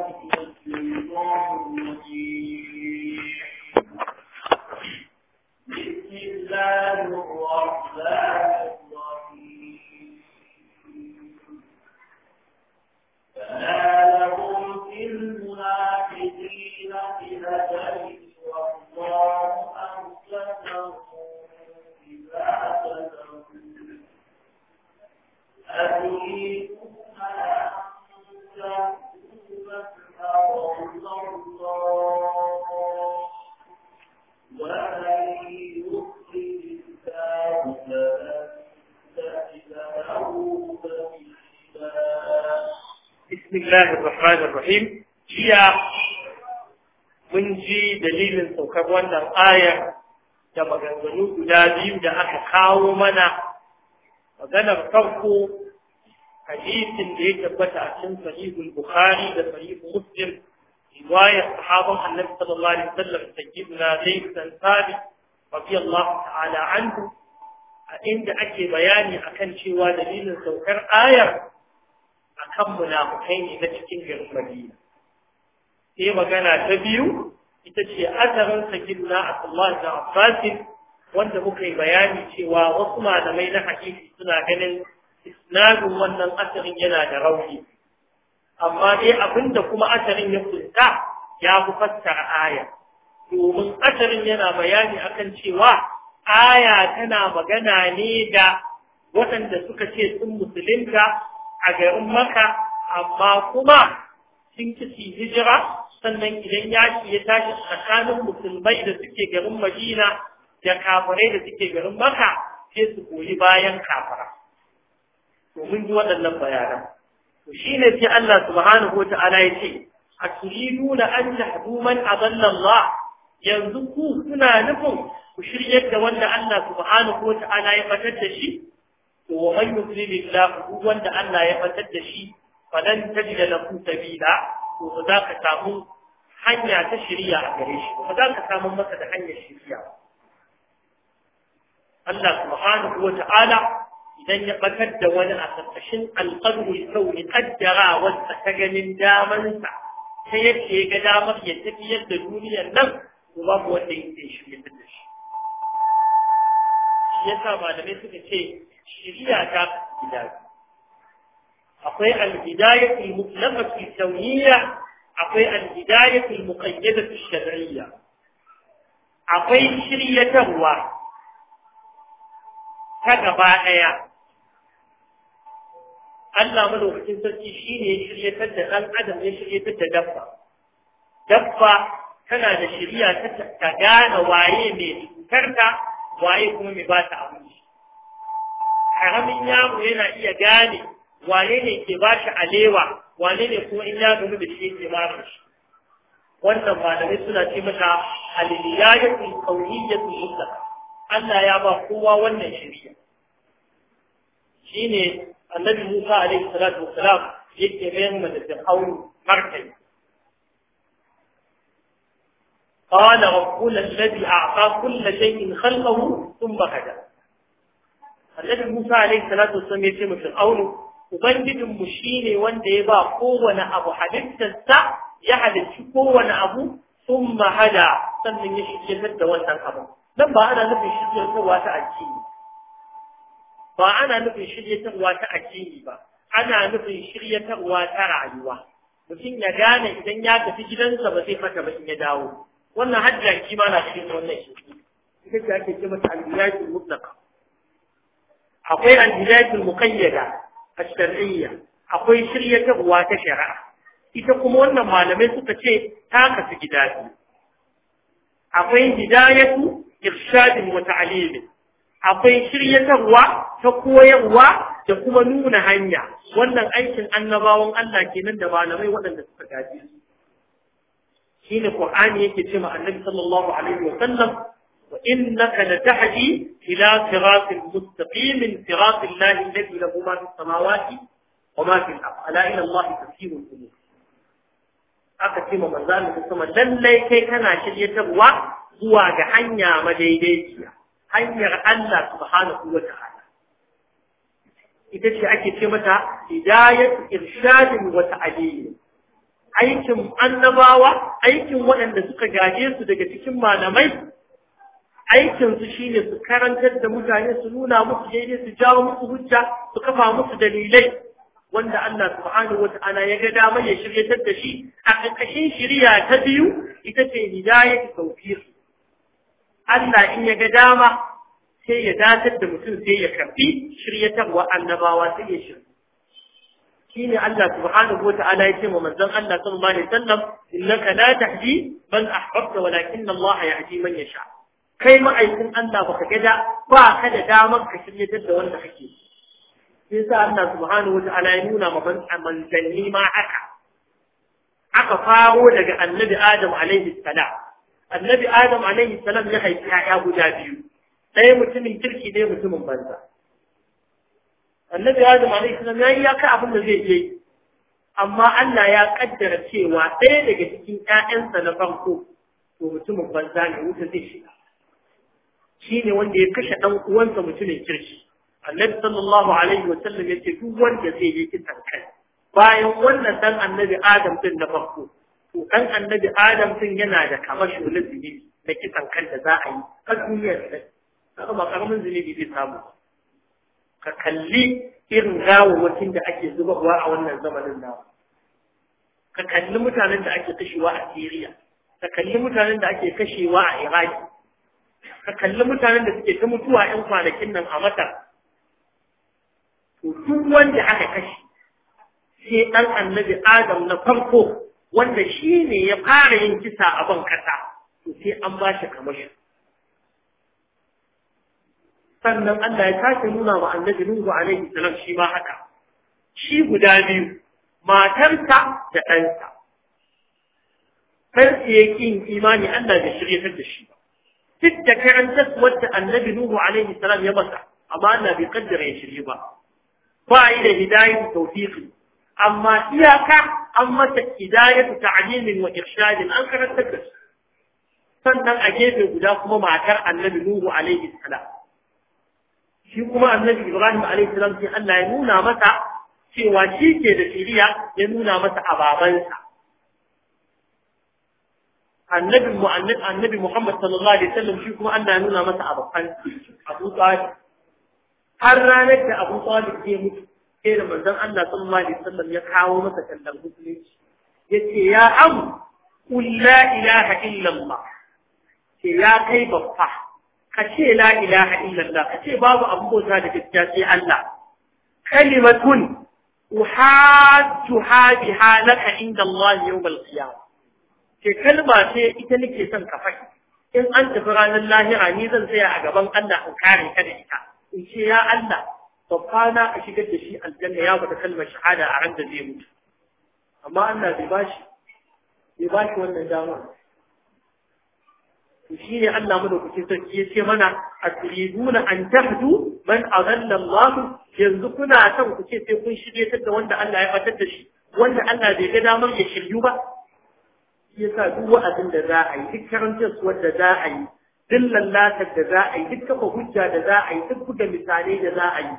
الشيطان الرجيم ayar da maganganu guda biyu da aka kawo mana maganar farko hadisin da ya tabbata a cikin sahihul bukhari da sahihul muslim riwayar sahaban annabi sallallahu alaihi wasallam sayyidina zaid bin radiyallahu ta'ala anhu a inda ake bayani akan cewa dalilin saukar ayar akan munafukai ne na cikin garin Madina sai magana ta biyu ita ce asarin sakin na Abdullah da Abbas wanda muka yi bayani cewa wasu malamai na hadisi suna ganin isnadin wannan asarin yana da rauni amma dai abinda kuma asarin ya kunta ya fassara aya domin asarin yana bayani akan cewa aya tana magana ne da waɗanda suka ce sun musulunta a garin maka amma kuma sun kisi hijira sannan idan yaƙi ya tashi tsakanin musulmai da suke garin madina da kafirai da suke garin maka sai su koyi bayan kafara domin ji waɗannan bayanan to shine sai Allah subhanahu wa ta'ala ya ce a turiduna an tahdu man adalla yanzu ku suna nufin ku shiryar da wanda Allah subhanahu wa ta'ala ya fatar da shi to wa man yudlilillah wanda Allah ya fatar da shi falan tajida lahu sabila to za ka samu hanya ta shirya a gare shi ba za ka samu masa da hanyar shirya Allah subhanahu wa ta'ala idan ya bakar da wani a ƙarƙashin alƙadru sau ne kaddara wanda ta ganin damansa ta yadda ga damar ya tafiyar da duniyar nan to babu wanda yake shirya da shi shi yasa malamai suka ce shirya ta gida akwai al mutlaqatu sawiyya akwai al-hidayatul muqayyadatu shar'iyya akwai shiryatarwa ta gaba daya Allah madaukakin sarki shine ya shiryatar da dan adam ya shiryatar da dabba dabba tana da shiriya ta gane waye mai cutarta waye kuma mai ba ta abinci Haramin yaro yana iya gane wane ne ke ba shi alewa wane ne kuma in ya gamu da shi ne mara shi wannan malamai suna ce mata aliliyayatul kauniyyatul mutlaq Allah ya ba kowa wannan shari'a shine annabi Musa alaihi salatu wassalam yake bayan da Fir'aun martani قال ربنا الذي أعطى كل شيء خلقه ثم هدى النبي موسى عليه الصلاة والسلام يتم في الأول Ubangijinmu shi ne wanda ya ba kowane abu halittarsa ya halittu kowane abu sun mahada sannan ya shigar da wannan abu. Nan ba ana nufin shiryatarwa ta ajiyi Ba ana nufin shiryatarwa ta ajiyi ba, ana nufin shiryatarwa ta rayuwa. Mutum ya gane idan ya tafi gidansa ba zai fata ba in ya dawo. Wannan hajjaki ma na cikin wannan shi. Ita ce ake ce mata al-ilahi mutlaka. akwai al mukayyada. muqayyada الشرعيه akwai shirye gabuwa ta shari'a ita kuma wannan malamai suka ce ta kasu su, akwai hidayatu irshadin wata alibi akwai shirye ta koyarwa da kuma nuna hanya wannan aikin annabawan Allah kenan da malamai waɗanda suka gaji shine Qur'ani yake ce ma Annabi sallallahu alaihi wa sallam وإنك لتهدي إلى صراط مستقيم صراط الله الذي له ما في السماوات وما في الأرض ألا إلى الله تسير الأمور aka ce ma manzo Allah kuma lallai kai kana shiryatarwa zuwa ga hanya madaidaiciya hanyar Allah subhanahu wa ta'ala ita ce ake ce mata hidayat irshadin wa ta'dil aikin annabawa aikin waɗanda suka gaje su daga cikin malamai aikinsu shi ne su karantar da mutane su nuna musu daidai su jawo musu hujja su kafa musu dalilai wanda Allah subhanahu wa ta'ala ya ga dama ya shiryatar da shi a ƙarƙashin shirya ta biyu ita ce hidayat tawfiq Allah in ya ga dama sai ya datar da mutum sai ya karbi shiryatarwa annabawa sai ya shirya shine Allah subhanahu wata'ala yake wa manzon Allah sallallahu alaihi wasallam innaka la tahdi man ahbabta walakin Allah yahdi man yasha kai ma'aikin Allah ba ka gada ba ka da damar ka shirya da wanda kake sai sa Allah subhanahu wata'ala ya nuna ma manzanni ma haka aka faro daga annabi Adam alaihi salam annabi Adam alaihi salam ya haifi ya guda biyu ɗaya mutumin kirki ɗaya mutumin banza annabi Adam alaihi salam ya yi yaka abin da zai je amma Allah ya kaddara cewa ɗaya daga cikin ƴaƴansa na farko to mutumin banza ne wuta zai shiga shine wanda ya kashe dan uwansa mutumin kirki annabi sallallahu alaihi wa sallam yace duk wanda zai yi kisan kai bayan wannan dan annabi adam din na farko to dan annabi adam din yana da kamar shulul zunubi na kisan kan da za a yi kan duniyar sai ba karamin zunubi zai samu ka kalli irin gawawwakin da ake zubarwa a wannan zamanin nawa ka kalli mutanen da ake kashewa a Syria ka kalli mutanen da ake kashewa a Iraq ka kalli mutanen da suke ta mutuwa 'yan kwanakin nan a masar to duk wanda aka kashe sai ɗan annabi adam na farko wanda shi ne ya fara yin kisa a ban kasa to sai an ba shi kamar shi. sannan Allah ya tashi nuna wa annabi Nuhu alaihi salam shi ma haka shi guda biyu matarsa da ɗansa ɗansa ya ƙi imani Allah da shiryatar da shi ba. duk da karantar wadda annabi Nuhu alaihi salam ya masa amma Allah bai kaddara ya shirye ba ba yi da hidayatu tawfiqi amma iyaka an masa ta ta'limin wa irshadin an karantar da sannan a gefe guda kuma matar annabi Nuhu alaihi salam shi kuma annabi Ibrahim alaihi salam sai Allah ya nuna masa cewa shi ke da shiriya ya nuna masa ababansa annabin mu annabi Muhammad sallallahu alaihi wasallam shi kuma Allah ya nuna masa abakan Abu Talib har ranar da Abu Talib ya mutu sai da manzon Allah sallallahu alaihi wasallam ya kawo masa kallan musulunci yace ya am qul la ilaha illa Allah ce ya kai babba ka ce la ilaha illa Allah ka ce babu abu bauta da gaskiya sai Allah kalimatun uhajjuha biha laka inda Allah yawm al-qiyamah ke kalma ce ita nake son ka faɗi in an tafi ranar lahira ni zan tsaya a gaban Allah in kare ka da ita in ce ya Allah babbana a shigar da shi aljanna ya faɗa kalmar shahada a ran da zai mutu amma Allah bai bashi bai bashi wannan dama to ne Allah kuke sarki ya ce mana atriduna an tahdu man adalla Allah yanzu kuna son kuke sai kun shirye da wanda Allah ya fatar da shi wanda Allah bai ga damar ya shiryu ba shi yasa duk wa'azin da za a yi duk karantar suwar da za a yi duk lallatar da za a yi duk kafa hujja da za a yi duk buga misalai da za a yi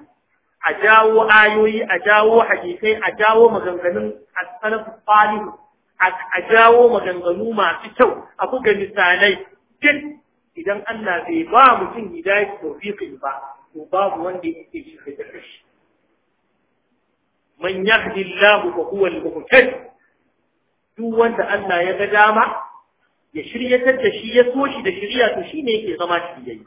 a jawo ayoyi a jawo hadisai a jawo maganganun as-salafu a jawo maganganu masu kyau a buga misalai duk idan Allah bai ba mutum hidayat tawfiqi ba to babu wanda yake shi da kashi. man yahdi Allah fa huwa al-muhtadi duk wanda Allah ya ga dama ya shiryatar da shi ya so shi da shirya to shine yake zama shiryayye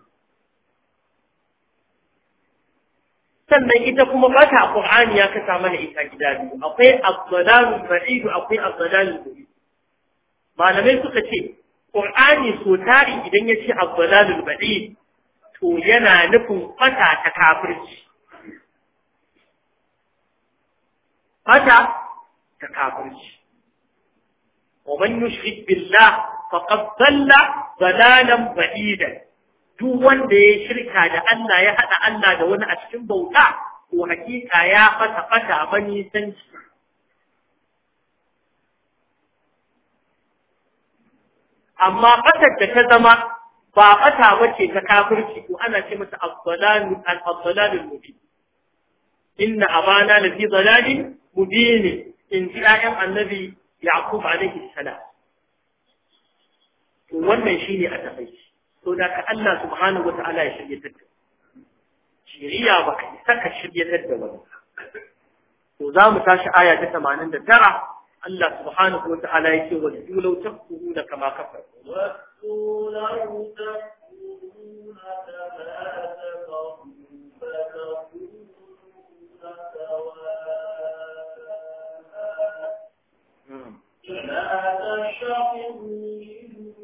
sannan ita kuma bata Qur'ani ya kasa mana ita gida biyu akwai abdalan ba'id akwai abdalan malamai suka ce Qur'ani so tari idan ya ce abdalan to yana nufin fata ta kafirci Fata ta kafirci ومن يشرك بالله فقد ضل ضلالا بعيدا duk wanda ya shirka da Allah ya haɗa Allah da wani a cikin bauta ko hakika ya fata fata bani san shi amma fatar da ta zama ba fata bace ta kafirci ko ana ce mata abdalan al-abdalan mubin inna abana lafi dalalin mubin in ji ayyan annabi yaqub alaihi salam to wannan ne a tafaici to da ka Allah subhanahu wataala ya shirye ta shiriya baka isa ka shirye ta da wani to za mu tashi aya ta tamanin da tara. Allah subhanahu wa ta'ala ya ce wa law tafkuhu da kama kafar Wasu wa law tafkuhu ta kafar لا تشغل منه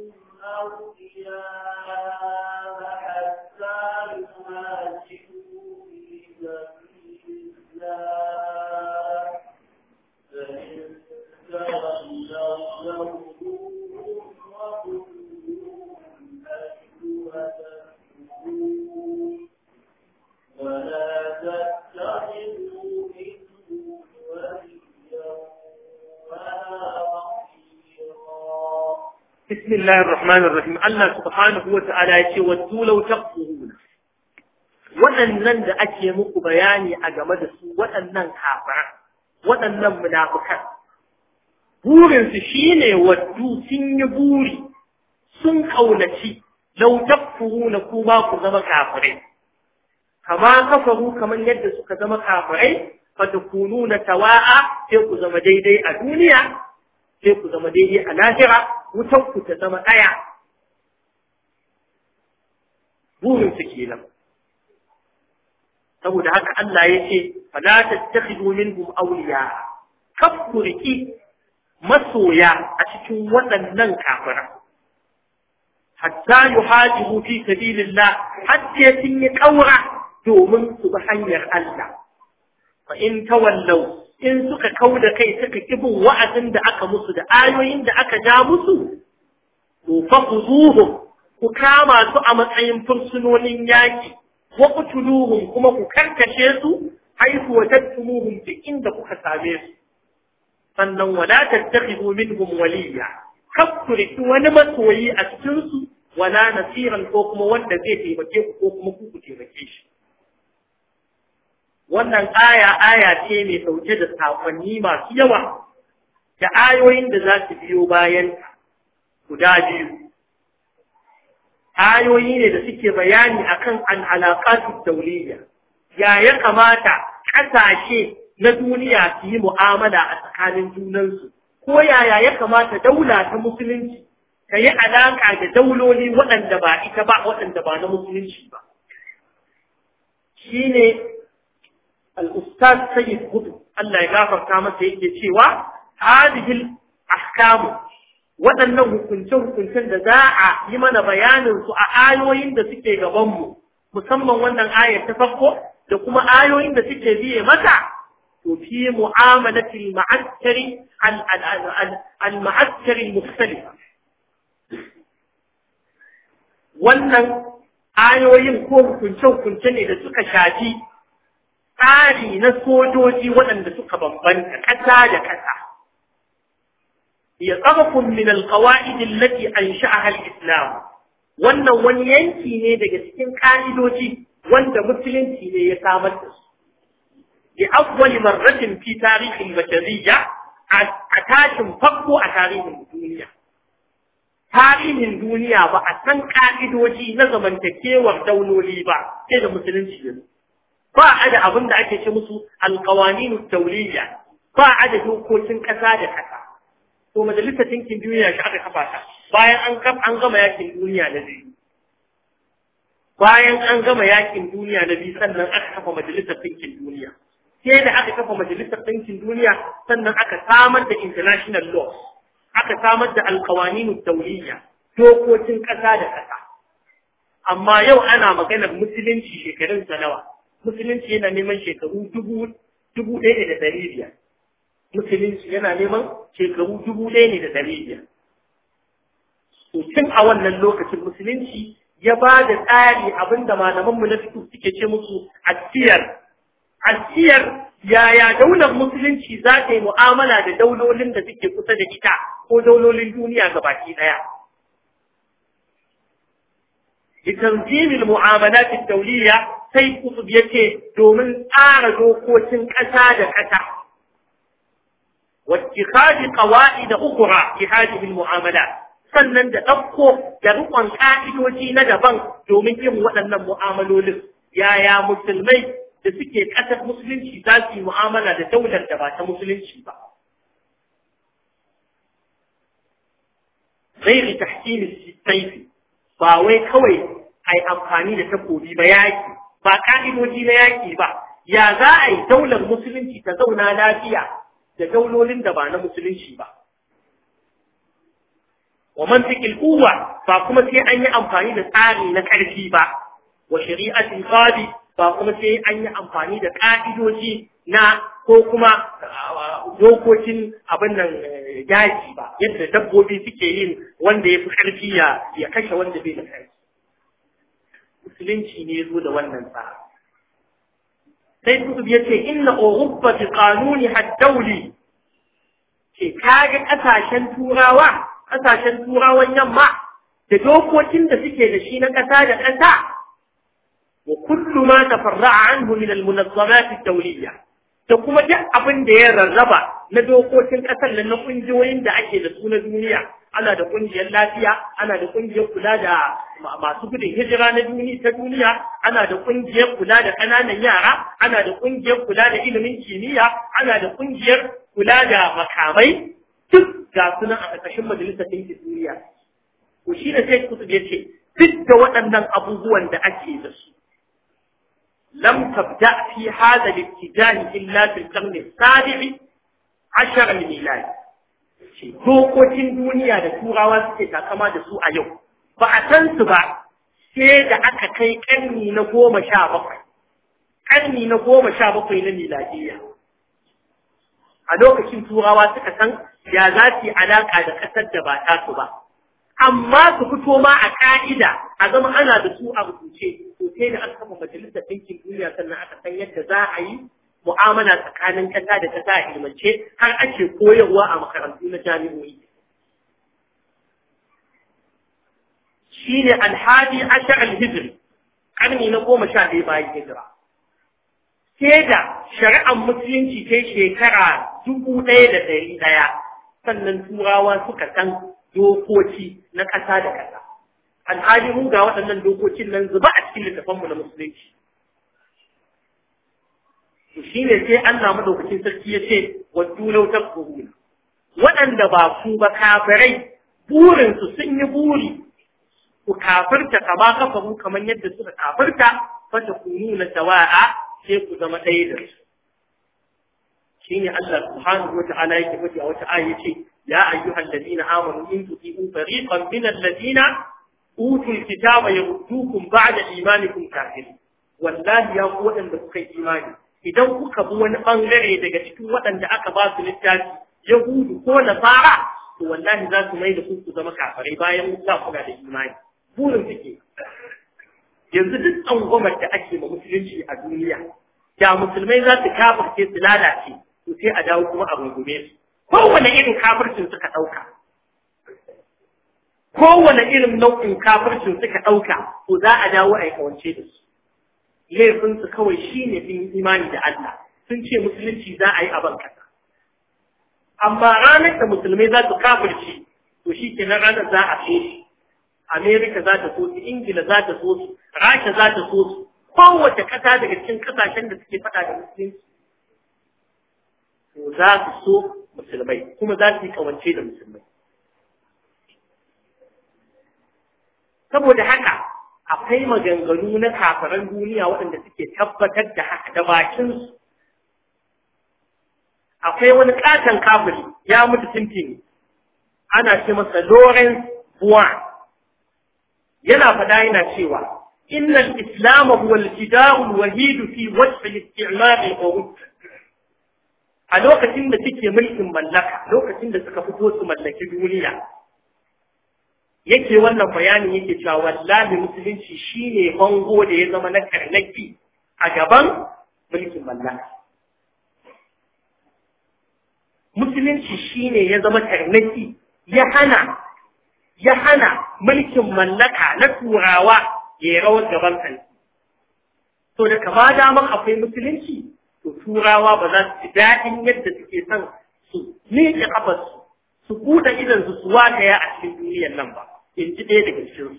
أولياء bismillahir Allah subhanahu ta'ala ya ce wa tulau taqfuhuna waɗannan da ake muku bayani a game da su waɗannan kafiran waɗannan munafukan burinsu shine waddu sun yi buri sun kaunaci lau na kuma ba ku zama kafirai kama kafaru kamar yadda suka zama kafirai fa takununa tawa'a sai ku zama daidai a duniya sai ku zama daidai a lahira wutan ku ta zama ɗaya burin su kenan saboda haka Allah ya ce fala tattakhidu minhum awliya kafuriki masoya a cikin waɗannan kafira hatta yuhajibu fi sabilillah hatta sun yi kaura domin su bi hanyar Allah fa in tawallau in suka kauda kai suka kibin wa'azin da aka musu da ayoyin da aka ja musu to fa khuzuhum ku kama su a matsayin fursunonin yaki wa qutuluhum kuma ku karkashe su wa wajadtumuhum duk inda kuka same su sannan wala tattakhidu minhum waliya kakkuri wani masoyi a cikin su wala nasiran ko kuma wanda zai taimake ku ko kuma ku wannan aya aya ce mai sauke da sakonni masu yawa da ayoyin da za su biyo bayan guda biyu ayoyi ne da suke bayani akan an alaƙatu dauliya ya ya kamata ƙasashe na duniya su yi mu'amala a tsakanin junansu ko yaya ya kamata daula ta musulunci ta yi alaƙa da dauloli waɗanda ba ita ba waɗanda ba na musulunci ba Shi ne. al-ustaz sayyid qutb Allah ya gafarta masa yake cewa hadhihi ahkamu waɗannan hukunce-hukuncen da za a yi mana bayanin su a ayoyin da suke gabanmu musamman wannan ayar ta farko da kuma ayoyin da suke biye mata to fi mu'amalati al-ma'askari wannan ayoyin ko hukunce-hukunce ne da suka shafi tsari na sojoji waɗanda suka bambanta ƙasa da ƙasa ya tsabakun min alqawaid anshi a al-islam wannan wani yanki ne daga cikin ƙa'idoji wanda musulunci ne ya samar da su bi awwali marratin fi tarihin bashariyya a tashin farko a tarihin duniya tarihin duniya ba a san ƙa'idoji na zamantakewar dauloli ba sai da musulunci ne ba a da abin da ake ce musu alƙawanin tauliya ba a da dokokin ƙasa da ƙasa to majalisar ɗinkin duniya shi aka kafa ta bayan an an gama yakin duniya na biyu bayan an gama yakin duniya na biyu sannan aka kafa majalisar ɗinkin duniya sai da aka kafa majalisar ɗinkin duniya sannan aka samar da international law aka samar da alƙawanin tauliya dokokin ƙasa da ƙasa amma yau ana maganar musulunci shekarun sa nawa musulunci yana neman shekaru dubu dubu ɗaya da ɗari biyar musulunci yana neman shekaru dubu ɗaya ne da ɗari biyar tun a wannan lokacin musulunci ya ba da tsari abinda mu na fito suke ce musu asiyar asiyar yaya daular musulunci za ta yi mu'amala da daulolin da suke kusa da ita ko daulolin duniya ga baki daya لتنظيم المعاملات الدولية sai kusur ya ce domin tsara dokokin ƙasa da ƙasa. kaji ƙawa'i da ukura haji bin mu'amala, sannan da ɗauko da riƙon ƙa'idoji na daban domin yin waɗannan mu'amalolin. Yaya musulmai da suke ƙasar musulunci za su yi mu'amala da daular da ba ta musulunci ba. Zai tahkimi saifi ba wai kawai ai amfani da takobi ba yaki ba ka'idoji na yaƙi ba ya za a yi daular musulunci ta zauna lafiya da daulolin da ba na musulunci ba wa man fi quwwa ba kuma sai an yi amfani da tsari na ƙarfi ba wa shari'atin qadi ba kuma sai an yi amfani da ka'idoji na ko kuma ah, dokokin abin nan daji eh, ba yadda dabbobi suke yin wanda ya fi ƙarfi ya kashe wanda bai da ƙarfi musulunci ne zo da wannan tsara sai kutub ya ce inna oruba bi qanuni haddauli ce kaga ƙasashen turawa Ƙasashen turawan yamma da dokokin da suke da shi na kasa da ƙasa wa kullu ma tafarra'a anhu min al-munazzamat ad-dawliyya da kuma duk abin da ya rarraba na dokokin ƙasar nan na ƙungiyoyin da ake da su na duniya ana da kungiyar lafiya ana da kungiyar kula da masu gudun hijira na duniya ta duniya ana da kungiyar kula da kananan yara ana da kungiyar kula da ilimin kimiyya ana da kungiyar kula da makamai duk ga sunan a ƙarƙashin majalisar ɗinkin duniya to shi da sai kutub ya ce duk da waɗannan abubuwan da ake da su lam tabda fi hadha al-ibtida'i illa fil qarni as-sabi'i ashar al dokokin duniya da turawa suke takama da su a yau ba a san su ba sai da aka kai ƙarni na goma sha bakwai ƙarni na goma sha bakwai na miladiyya a lokacin turawa suka san ya za su yi alaƙa da ƙasar da ba ta su ba amma su fito ma a ƙa'ida a zama ana da su a rubuce to sai da aka kafa majalisar ɗinkin duniya sannan aka san yadda za a yi mu'amala tsakanin kasa da kasa a ilmance har ake koyarwa a makarantu na jami'o'i shi ne alhadi ashar alhijiri ƙarni na goma sha ɗaya bayan hijira sai da shari'ar musulunci ta shekara dubu ɗaya da ɗari ɗaya sannan turawa suka san dokoki na ƙasa da ƙasa alhali mun ga waɗannan dokokin nan zuba a cikin littafanmu na musulunci to ne sai Allah madaukakin sarki ya ce wa dulau waɗanda ba su ba kafirai burin su sun yi buri ku kafirta kama kafaru kamar yadda suka kafirta fata kununa sawa'a sai ku zama ɗaya da su shine Allah subhanahu wata'ala yake faɗi a wata aya yace ya ayyuhal ladina amanu in tuti'u fariqan min alladina utul kitaba yaruddukum ba'da imanikum kafirin wallahi ya ku waɗanda kuka yi imani idan kuka bi wani bangare daga cikin waɗanda aka ba su littafi yahudu ko nasara to wallahi za su mai da ku zama kafare bayan za ku da imani burin suke yanzu duk tsangwamar da ake ma musulunci a duniya da musulmai za su kafirce su lalace to sai a dawo kuma a rungume su kowane irin kafircin suka ɗauka kowane irin nau'in kafircin suka ɗauka to za a dawo a yi kawance da su laifinsu kawai shi ne fi imani da Allah sun ce musulunci za a yi a ban amma ranar da musulmai za su kafirci to shi ke na ranar za a shi Amerika za ta so su Ingila za ta so su Rasha za ta so su kowace kasa daga cikin kasashen da suke faɗa da musulunci to za su so musulmai kuma za su yi kawance da musulmai saboda haka akwai maganganu na kafaran duniya waɗanda suke tabbatar da haka da bakinsu akwai wani katon kafiri ya mutu tintini ana ce masa Lawrence Buwan yana fada yana cewa إن الإسلام هو الجدار الوحيد في وجه الاستعمار الأوروبي a lokacin da suke mulkin mallaka lokacin da suka fito su mallaki duniya yake wannan bayanin yake cewa wallahi musulunci shine bango da ya zama na karnaki a gaban mulkin mallaka musulunci shine ya zama karnaki ya hana ya hana mulkin mallaka na turawa ya yi rawar gaban kansu to da kama damar akwai musulunci to turawa ba za su daɗin yadda suke son su miƙe ƙafarsu su buɗe idan su suwa ya a cikin duniyar nan ba in ji ɗaya daga cikinsu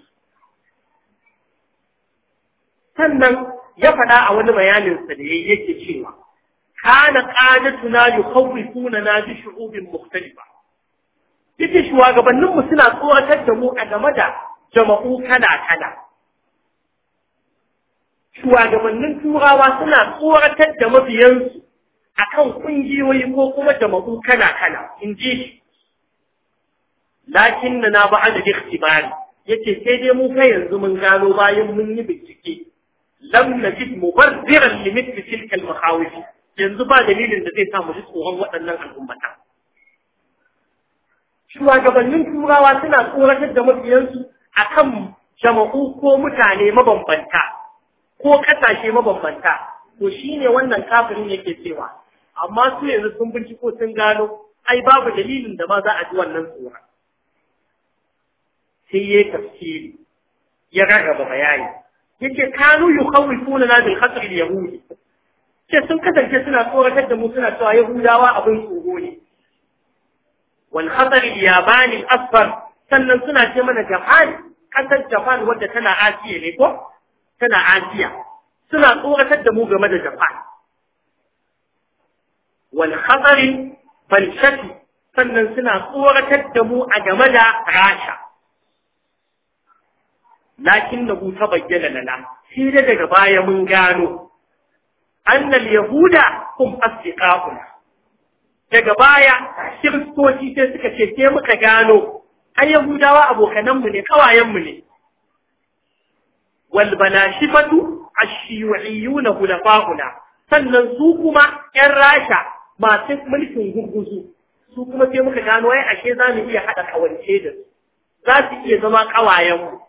sannan ya faɗa a wani bayaninsa da ya yake cewa kana kawai yukhawifuna na bi shu'ubin muktali ba. shugabannin mu suna tsoratar da mu a game da jama'u kala kala shugabannin turawa suna tsoratar da mabiyansu akan ƙungiyoyi ko kuma jama'u kala kala in ji shi lakin na ba da ikhtibari yace sai dai mu kai yanzu mun gano bayan mun yi bincike lam najid mubarriran li mithli tilka al-makhawif yanzu ba dalilin da zai sa mu ji tsoron waɗannan al'ummata shugabannin turawa suna tsoratar da mabiyansu kan jama'u ko mutane mabambanta ko kasashe mabambanta to shine wannan kafirin yake cewa amma su yanzu sun binciko sun gano ai babu dalilin da ma za a ji wannan tsoron sai ya tafsiri ya rarraba bayani yace kanu yukhawifuna na bil khatr al yahudi ce sun kasance suna tsoratar da mu suna cewa yahudawa abin tsoro ne wal khatar al yabani al asfar sannan suna ce mana japan kasar japan wadda tana asiya ne ko tana asiya suna tsoratar da mu game da japan wal khatar falshati sannan suna tsoratar da mu a game da rasha lakin da ta bayyana lana sai da daga baya mun gano annal yahuda kum asdiqauna daga baya kiristoci sai suka ce sai muka gano ai yahudawa abokanan mu ne kawayen mu ne wal banashifatu na hulafa'una sannan su kuma yan rasha masu mulkin gurguzu su kuma sai muka gano ai ashe za mu iya haɗa kawance da su za su iya zama kawayen mu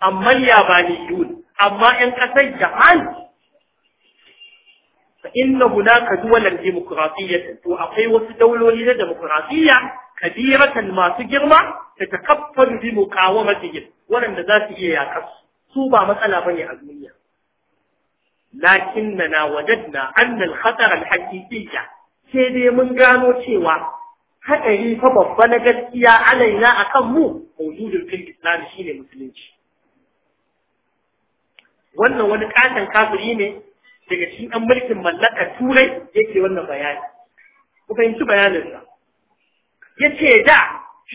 amma yabaniyun amma ƴan ƙasar Japan fa inna hunaka duwalan demokratiyya to akwai wasu dauloli na demokratiyya kabiratan masu girma da takaffar bi muqawamatihim waɗanda za su iya yakar su ba matsala bane a duniya lakinnana wajadna anna al-khatar al-haqiqiyya sai dai mun gano cewa haɗari fa babba na gaskiya alaina akan mu wujudul fil islam shine musulunci wannan wani katon kafiri ne daga cikin ɗan mulkin mallaka turai yake wannan bayani ku fahimci bayaninsa ya ce da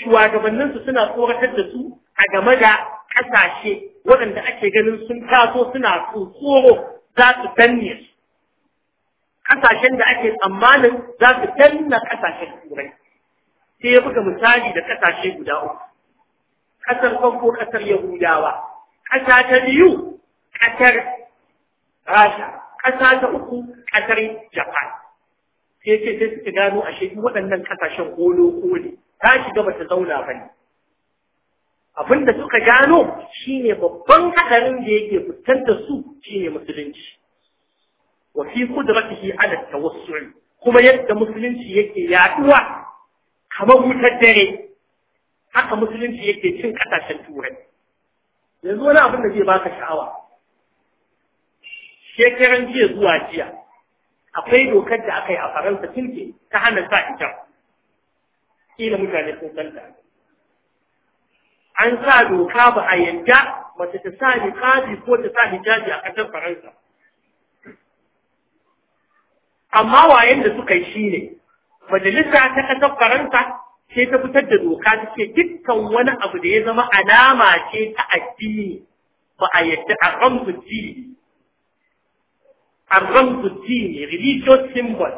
shugabanninsu suna tsoratar da su a game da ƙasashe waɗanda ake ganin sun taso suna tsoro za su danne su ƙasashen da ake tsammanin za su danna ƙasashen turai sai ya buga misali da ƙasashe guda uku ƙasar farko ƙasar yahudawa ƙasa ta biyu ƙasar Rasha, ƙasa ta uku ƙasar Japan. Sai ce sai suka gano a shi waɗannan ƙasashen kolo kole, ta shiga bata zauna ba ne. Abin da suka gano shi ne babban haɗarin da yake fitar da su shi ne musulunci. Wa fi shi ala tawassul kuma yadda musulunci yake yaɗuwa kamar wutar dare haka musulunci yake cin ƙasashen turai. Yanzu wani abin da zai baka sha'awa shekaran jiya zuwa jiya akwai dokar da aka yi a faransa tilke ta hana sa ita. kila mutane sun san an sa doka ba a yadda mace ta sa ni niqabi ko ta sa hijabi a kasar faransa amma wayen da suka yi shine majalisa ta kasar faransa sai ta fitar da doka ta ce dukkan wani abu da ya zama alama ce ta addini ba a yadda a ramsu الرمز الديني religious symbol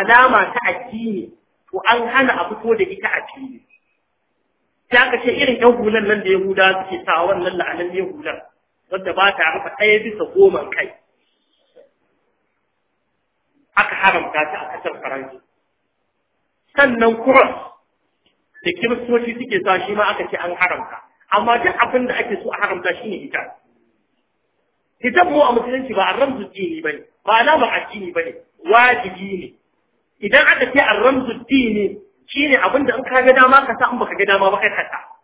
alama ta addini to an hana a fito da ita a fili sai aka ce irin yan hulan nan da yahuda suke sa wannan la'anan hulan wanda ba ta rufe ɗaya bisa goma kai aka haramta ta a ƙasar faransa sannan cross da kiristoci suke sa shi ma aka ce an haramta amma duk abin da ake so a haramta shine ita hijab mu a musulunci ba arramzu dini bane ma'ana ba addini bane wajibi ne idan aka ce arramzu dini shine abinda in ka ga dama ka sa in baka ga dama ba kai ka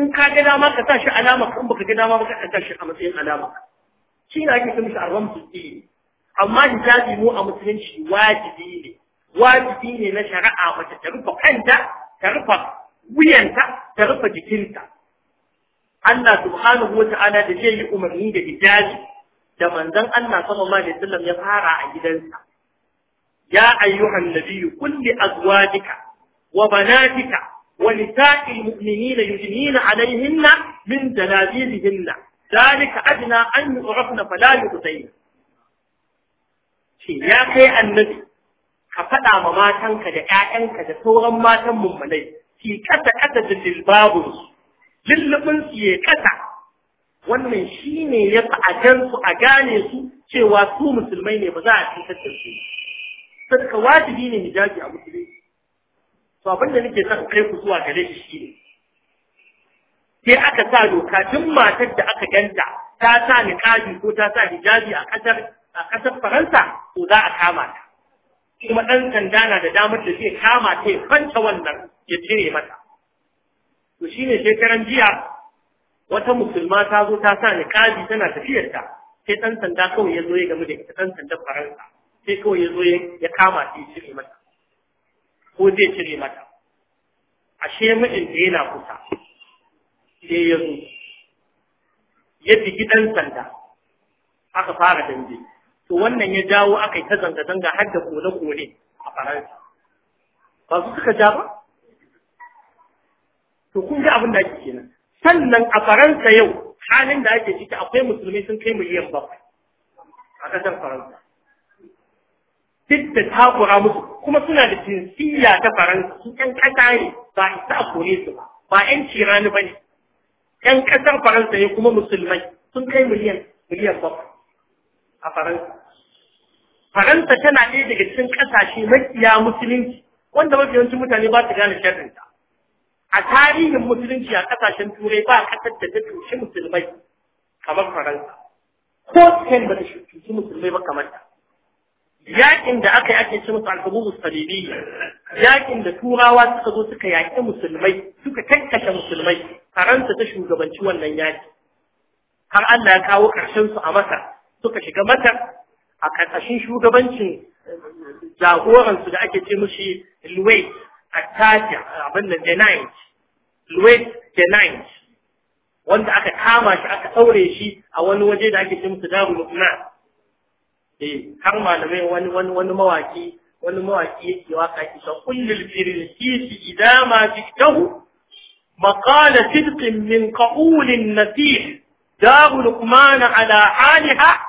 in ka ga dama ka sa shi alama in baka ga dama ba kai ka shi a matsayin alama shine ake ce mishi arramzu dini amma hijabi mu a musulunci wajibi ne wajibi ne na shari'a mace ta rufe kanta ta rufe wuyanta ta rufe jikinta Allah subhanahu wa ta'ala da zai yi umarni da hijabi da manzon Allah sallallahu alaihi wasallam ya fara a gidansa ya ayyuhan nabiyyu qul li azwajika wa banatika wa nisa'il mu'minina yujnina 'alayhinna min jalabibihinna dhalika adna an yu'rafna fala yu'tayna shi ya kai annabi ka faɗa ma matanka da ‘ya'yanka da sauran matan mummunai, ki kasa kasa da jilbabinsu, lullubin su ya kasa wannan ne ya fi a su a gane su cewa su musulmai ne ba za a cutar da su sadaka wajibi ne hijabi a musulunci to abin da nake son kai ku zuwa gare shi ne. sai aka sa doka tun matar da aka ganta ta sa niqabi ko ta sa hijabi a kasar a kasar Faransa ko za a kama ta kuma Dan sanda na da damar da zai kama ta ya fanta wannan ya cire mata to shine shekaran jiya wata musulma ta zo ta sa kaji tana tafiyar ta sai dan sanda kawai ya zo ya gamu da ita dan sanda faransa sai kawai ya zo ya kama ta cire mata ko zai cire mata ashe da yana kusa sai ya zo ya bigi ɗan sanda aka fara dambe to wannan ya jawo aka yi ta zanga-zanga har da kone-kone a faransa ba su suka ja ba to kun ga abin da ake kenan sannan a faransa yau halin da ake ciki akwai musulmi sun kai miliyan bakwai a ƙasar faransa duk da takura musu kuma suna da jinsiya ta faransa su ƴan ƙasa ne ba isa a kore su ba ba ƴan cirani ba ne ƴan ƙasar faransa ne kuma musulmai sun kai miliyan miliyan bakwai a faransa faransa tana ɗaya daga cikin ƙasashe mafiya musulunci wanda mafi yawancin mutane ba su gane shirinta a tarihin musulunci a kasashen turai ba kasar da ta cuci musulmai kamar faransa ko spain ba ta cuci musulmai ba kamar ta yakin da aka yi ake ce musu alhububu salibi yakin da turawa suka zo suka yaƙi musulmai suka tankashe musulmai faransa ta shugabanci wannan yaki har Allah ya kawo ƙarshen su a masar suka shiga masar a ƙarƙashin shugabancin eh, jagoransu da ake ce mushi Luwai. attaji abin da denite louis denite wanda aka kama shi aka saure shi a wani waje da ake cin sudaru lukman eh har malamai wani wani wani mawaki wani mawaki yake waka ki sa kullul firisi idama jiktahu مقال صدق من قبول النسيح دار لقمان على حالها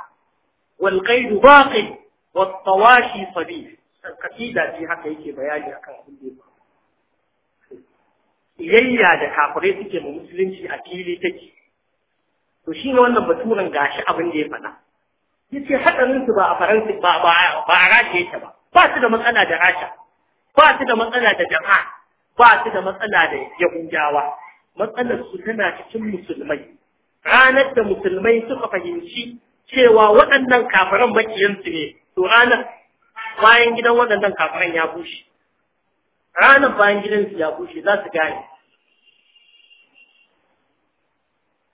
والقيد باقي والطواشي صبيح القصيدة في حكا يكي بياني حكا Iyayya da kafirai suke mu musulunci a fili take to shi ne wannan baturan gashi abin da ya faɗa yace hadarin su ba a faransa ba ba ba a rasha yake ba ba su da matsala da rasha ba su da matsala da jama'a ba su da matsala da yahudawa matsalar su tana cikin musulmai ranar da musulmai suka fahimci cewa waɗannan kafiran makiyansu ne to ranar bayan gidan waɗannan kafiran ya bushe ranar bayan gidansu ya bushe za su gane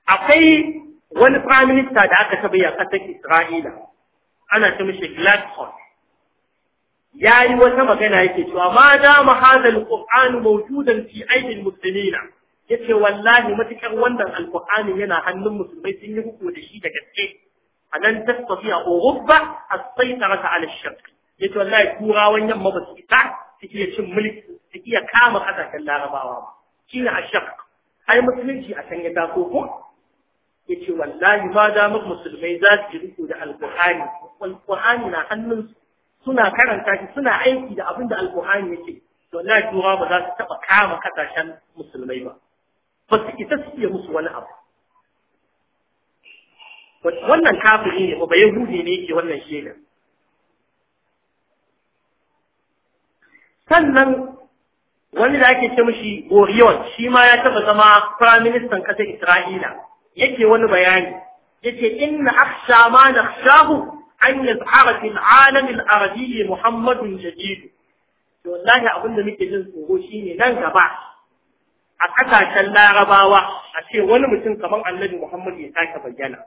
akwai wani prime minister da aka taɓa a ƙasar Isra'ila ana ta mishi Gladstone ya yi wata magana yake cewa ma da ma hadha alquran mawjudan fi aidil muslimina yace wallahi matukar wannan alqur'ani yana hannun musulmai sun yi hukunci da shi da gaske anan a urubba as-saytara a ash Ya ce, wallahi turawan yamma ba su isa suke cin mulki su iya kama kasashen larabawa ba shi ne ashaq ai musulunci a can ya taso ko yake wallahi ba da muku musulmai za su riko da alqur'ani alqur'ani na hannun suna karanta shi suna aiki da abin da alqur'ani yake wallahi tura ba za su taba kama kasashen musulmai ba ba su ita su iya musu wani abu wannan kafiri ne ba yahudi ne yake wannan shaidar sannan wani da ake ce mishi oriyon shi ma ya taba zama Firaministan ƙasar Isra'ila yake wani bayani yace inna akhsha ma nakhshahu an yazhara fil alam al arabi muhammadun jadid to wallahi abin da muke jin tsoro shine nan gaba a kasashen larabawa a ce wani mutum kamar annabi muhammad ya sake bayyana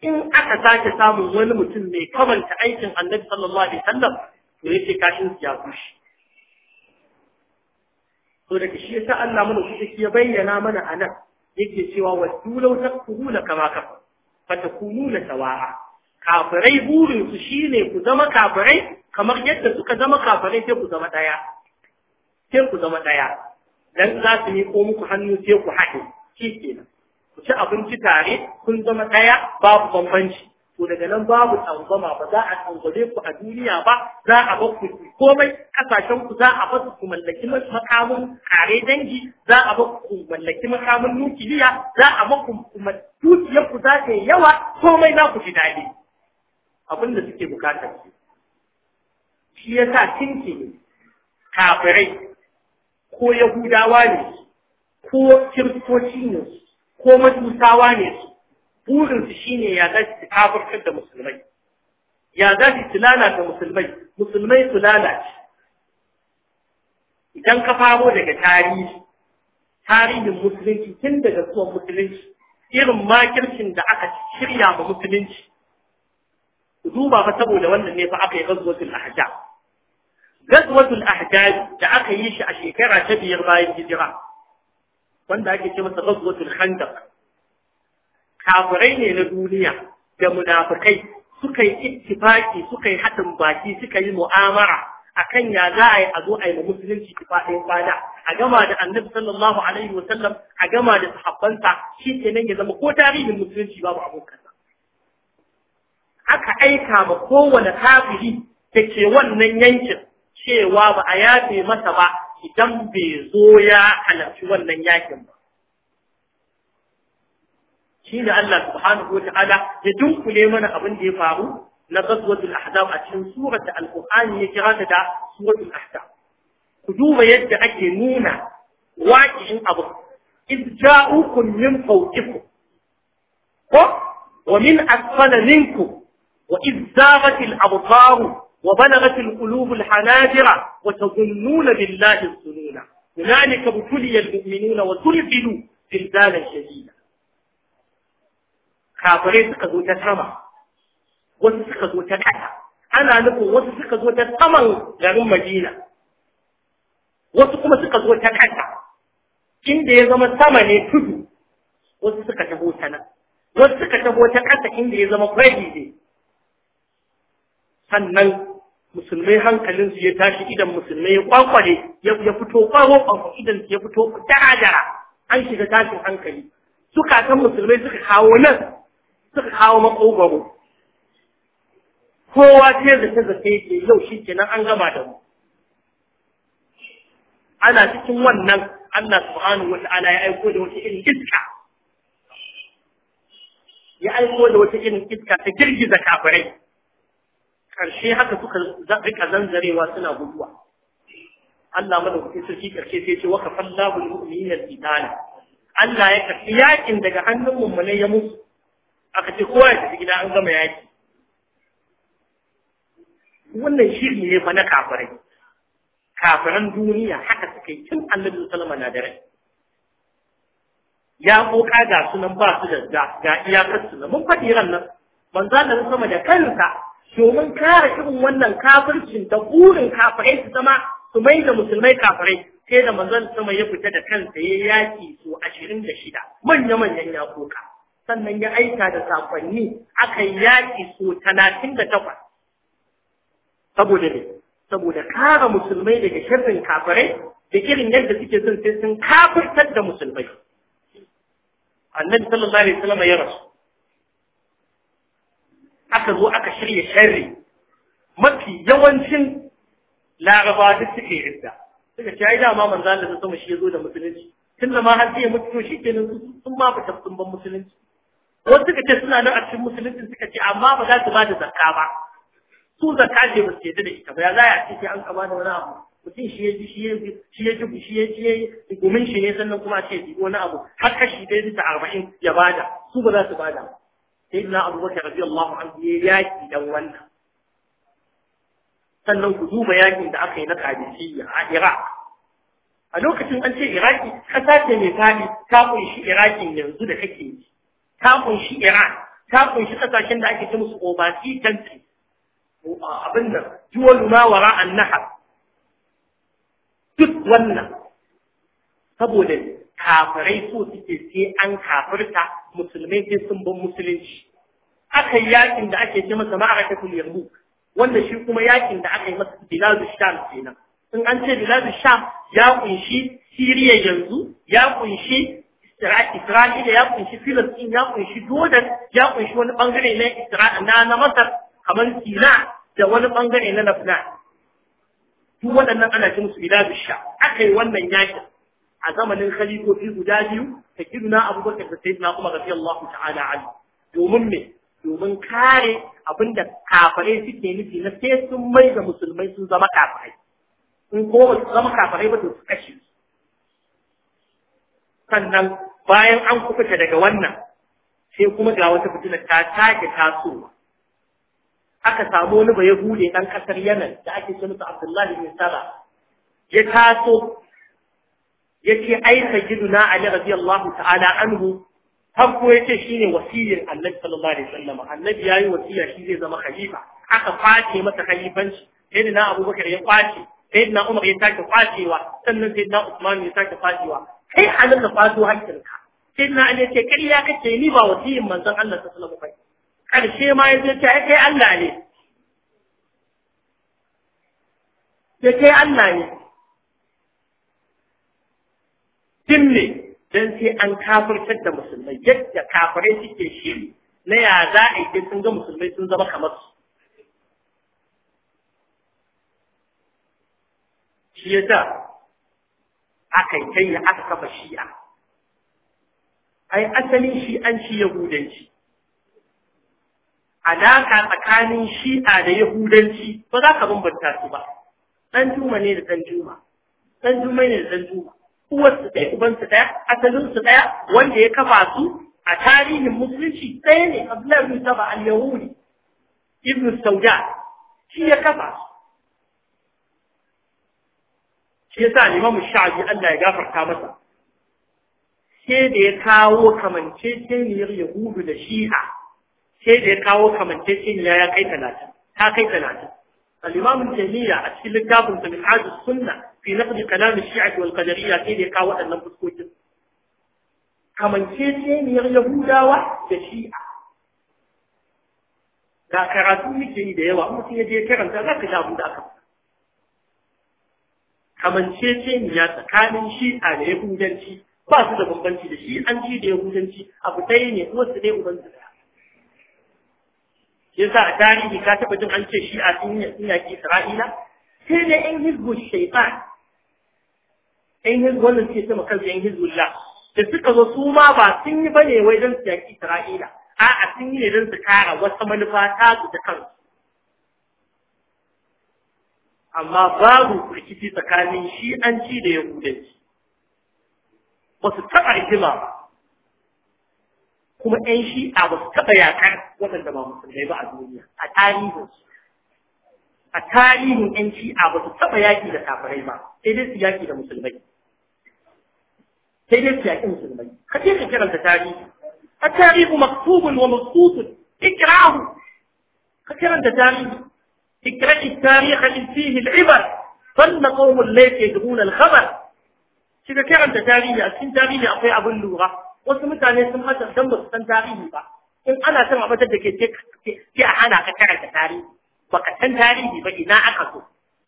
in aka sake samun wani mutum mai kamanta aikin annabi sallallahu alaihi wasallam to yace kashin ya kushi to daga shi yasa Allah mana shi ya bayyana mana anan yake cewa wasu waddu ku takfuruna kama kafa, ta kunu fatakununa sawa'a kafirai burin su shine ku zama kafirai kamar yadda suka zama kafirai sai ku zama daya sai ku zama daya dan za su yi ko muku hannu sai ku haɗe shi kenan ku ci abinci tare kun zama ɗaya, babu bambanci daga nan babu tsangwama ba za a tsangwale ku a duniya ba za a ba ku komai kasashen ku za a basu ku mallaki makamun kare dangi za a ba ku mallaki makamun nukiliya za a ba ku dukiyar ku za ta yi yawa komai za ku ji daɗi abin da suke bukatar su shi ya sa yasa ne, kafirai ko yahudawa ne ko kiristoci ne ko matusawa ne su burin su shine ya za su da musulmai ya za su lalata musulmai musulmai su lalace idan ka faro daga tarihi tarihin musulunci tun daga tsohon musulunci irin makircin da aka shirya ma musulunci duba fa saboda wannan ne fa aka yi gazwatul ahzab gazwatul ahzab da aka yi shi a shekara ta biyar bayan hijira wanda ake ce masa gazwatul khandaq kafirai ne na duniya da munafikai suka yi ittifaki suka yi haɗin baki suka yi mu'amara akan ya za a yi a zo a yi musulunci faɗin fada, a gama da annabi sallallahu alaihi wa sallam, a gama da sahabbansa shi kenan ya zama ko tarihin musulunci babu abokan aka aika ma kowane kafiri da ke wannan yankin cewa ba a yafe masa ba idan bai zo ya halarci wannan yakin ba shine Allah subhanahu wataala ya dunkule mana abin da ya faru na ghazwatul ahzab a cikin surat al-qur'ani ya kira ta da suratul ahzab ku duba yadda ake nuna waqi'in abu id ja'ukum min fawqikum ko wa min asfala minkum wa id zaghatil absar wa balaghatil qulub al-hanajira wa tadhunnuna billahi dhununa hunalika butuliyal mu'minuna wa tulbilu zilzalan shadida kafirai suka zo ta sama wasu suka zo ta kasa ana nufin wasu suka zo ta saman garin madina wasu kuma suka zo ta kasa inda ya zama sama ne tudu wasu suka taho ta nan wasu suka taho ta kasa inda ya zama kwaji ne sannan musulmai hankalinsu ya tashi idan musulmai ya kwakwale ya fito kwaro kwakwa idan ya fito dara an shiga tashin hankali Suka san musulmai suka kawo nan suka kawo makogaro kowa da ta zafe ke yau shi kenan an gama da mu ana cikin wannan Allah subhanahu wa ta'ala ya aiko da wata irin iska ya aiko da wata irin iska ta girgiza kafirai karshe haka suka rika zanzarewa suna guduwa Allah madaukakin sarki karshe sai ce waka fallahu lil mu'minina Allah ya kafi yakin daga hannun mummunai ya musu aka ce kowa ya tafi gida an gama yaki wannan shiri ne fa na kafirai kafiran duniya haka suka yi tun annabi sallama na da rai ya koka ga sunan ba su da ga iyakar su mun faɗi ran nan manzo da sama da kansa domin kare irin wannan kafircin da burin kafirai su zama su mai da musulmai kafirai sai da manzon sama ya fita da kansa ya yaki su ashirin da shida manya-manyan ya koka sannan ya aika da sakonni aka yaƙi so talatin da takwas saboda ne saboda kara musulmai daga shirin kafirai da irin yadda suke son sai sun kafirtar da musulmai Annan sallallahu alaihi wasallam ya rasu aka zo aka shirya shari mafi yawancin laraba duk suke yadda. suka ce ai dama manzo Allah ta sama shi ya zo da musulunci tun da ma har sai mutu to shi kenan sun ma fita sun ban musulunci wasu suka ce suna nan a cikin musulunci suka ce amma ba za su ba da zakka ba su zakka ce ba su yadda da ita ba ya za a ce an kama da wani abu mutum shi ya ji shi ya ji shi ya ji shi ya ji gumin shi ne sannan kuma ce ji wani abu har kashi ɗaya bisa arba'in ya bada su ba za su bada ba sai ina rabi Allah an ya yaƙi dan wannan sannan ku duba yaƙin da aka yi na kadisiyya a iraq a lokacin an ce iraki ƙasa ce mai faɗi ta kunshi irakin yanzu da kake yi. ta kunshi Iran ta kunshi kasashen da ake ce masu obasi tanki abin Abinda duwalu ma wara an duk wannan saboda kafirai so suke sai an kafirta musulmai sai sun ban musulunci aka yi yakin da ake ce masa ma'arakatul yarmouk wanda shi kuma yakin da aka yi masa biladu sham kenan in an ce biladu sham ya kunshi siriya yanzu ya kunshi Isra'ila ya kunshi Filistin ya kunshi Jordan ya kunshi wani bangare na Isra'ila na Masar kamar Sina da wani bangare na Lebanon duk waɗannan ana ce su biladu bisha aka yi wannan yakin a zamanin khalifofi guda biyu ta kiruna abubakar da sayyidina kuma rafi Allah ta'ala ali domin me domin kare abinda kafirai suke nufi na sai sun mai da musulmai sun zama kafirai in ko ba su zama kafarai ba to su kashe sannan bayan an kubuta daga wannan sai kuma ga wata fitina ta take tasowa aka samu wani bai hude dan kasar Yemen da ake ce masa Abdullahi bin Saba ya taso yace ai sayyiduna Ali radiyallahu ta'ala anhu farko yace shine wasiyin Annabi sallallahu alaihi wasallam Annabi yayi wasiya shi zai zama khalifa aka kwace masa khalifanci na Abubakar ya kwace na Umar ya take kwacewa sannan na Usman ya take kwacewa kai halin da kwato hakkinka sai na ali ce kariya kake ni ba wasiyin manzon Allah ta sallallahu alaihi karshe ma yaje ce ai kai Allah ne ce kai Allah ne dinne dan sai an kafirtar da musulmai yadda kafirai suke shi na ya za a yi sun ga musulmai sun zama kamar su shi yasa aka kai aka kafa shi'a ai asalin shi'anci yahudanci alaka tsakanin shi'a da yahudanci ba za ka bambanta su ba dan juma ne da dan juma dan juma ne da dan juma uban ɗaya ubansu ɗaya su ɗaya wanda ya kafa su a tarihin musulunci sai ne abdullahi bin saba al-yahudi ibn sauda shi ya kafa su shi yasa limamu sha'abi Allah ya gafarta masa sai da ya kawo kamanceceniyar yahudu da shi'a sai da ya kawo kamanceceniya ya kai talatin ta kai talatin al-imam a cikin littafin sa min sunna fi naqd kalam ash-shi'a wal qadariyya sai da ya kawo waɗannan fuskokin kamanceceniyar yahudawa da shi'a da karatu muke yi da yawa mutum ya je karanta za ka ji abin da aka kamanceceniya tsakanin shi'a da yahudanci ba su da bambanci da shi an ci da yahudanci abu ɗaya ne kuma su dai uban su ɗaya yasa a tarihi ka taɓa jin an ce shi'a sun yaƙi isra'ila sai dai yan hizbu shaitan yan hizbu wannan suke sama kansu yan la da suka zo su ma ba sun yi bane wai don su yaƙi isra'ila a'a sun yi ne don su kara wata manufa ta su da kansu amma babu rikici tsakanin shi an ci da yahudanci ba su taɓa ijima kuma ‘yan shi'a ba su taɓa yaƙar waɗanda ba musulmai ba a duniya a tarihinsu a tarihin ‘yan shi'a ba su taɓa yaƙi da kafirai ba sai dai su yaƙi da musulmai sai dai su yaƙi musulmai ka je ka karanta tarihi a tarihu maktubun wa maktubun ikrahu ka karanta tarihi اقرأ التاريخ اللي فيه العبر فن قوم الليل يدعون الخبر شكا كعن تتاريخ أسكن تاريخ أقوي أبو اللغة وسمت أن يسمى تهدم بسن تاريخ با. إن أنا سمع بتدك كي أحانا كتعن تاريخ وكتن تاريخ بإناء أكتو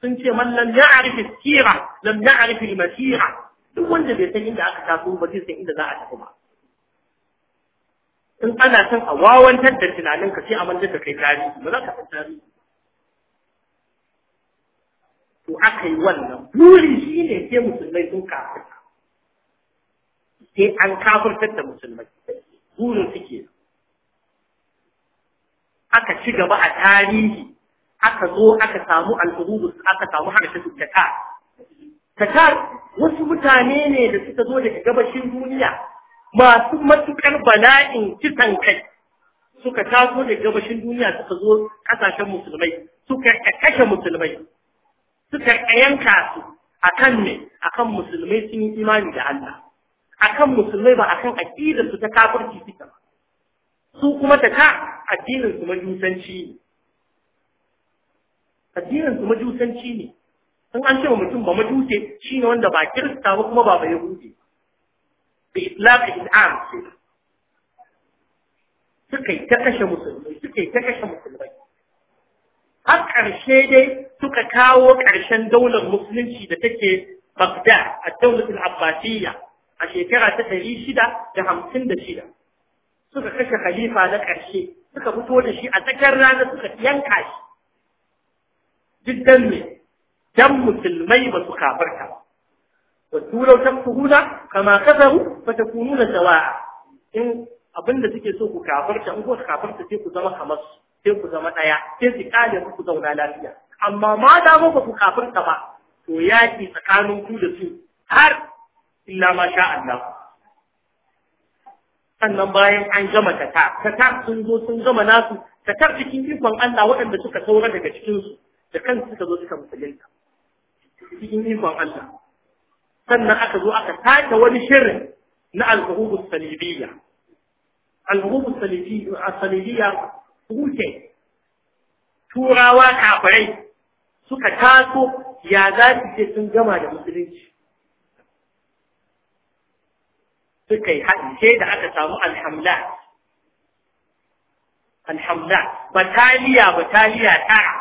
سنشي من لم يعرف السيرة لم يعرف المسيرة دو وانجا بيسن إن أكتاكو وديسن إن لا أكتاكو إن أنا سمع واوان تدك لأنك في أمان جدك تاريخ ملاك تاريخ to aka yi wannan buri shi ne sai musulmai sun kafirta sai an kafirtar da musulmai burin suke aka ci gaba a tarihi aka zo aka samu al'ubudu aka samu harshe su ta tatar wasu mutane ne da suka zo daga gabashin duniya masu matukar bala'in kisan kai suka taso daga gabashin duniya suka zo kasashen musulmai suka kashe musulmai suka yanka su akan ne akan musulmai sun yi imani da Allah akan musulmai ba akan kan su ta kafirci suka ba su kuma ta ka addinin su majusanci ne Addininsu majusanci ne in an ce mutum ba majuse ne wanda ba kirista ba kuma ba ba yahudi bi islam ce suka yi ta kashe musulmai suka yi ta kashe musulmai har ƙarshe dai suka kawo ƙarshen daular musulunci da take Baghdad a daulatul Abbasiyya a shekara ta ɗari shida da hamsin da shida. Suka kashe khalifa na ƙarshe suka fito da shi a tsakar rana suka yanka shi. Duk dan me? Dan musulmai ba su kafarta ba. Wasu lau tafkuhuna kama kasaru ba ta kununa sawa'a. In abinda suke so ku kafarta in ku kafarta sai ku zama kamar su. sai ku zama ɗaya sai su ƙale muku zauna lafiya amma ma da muku ku kafin ta ba to yaƙi tsakanin ku da su har illa ma sha Allah sannan bayan an gama ta tata sun zo sun gama nasu tatar cikin ikon Allah waɗanda suka saura daga cikinsu da kansu suka zo suka musulunta cikin ikon Allah sannan aka zo aka tace wani shirin na alhubu salibiyya alhubu salibiyya wuce turawa kafirai suka taso ya za su ce sun gama da musulunci suka yi haɗe da aka samu alhamla alhamla bataliya bataliya tara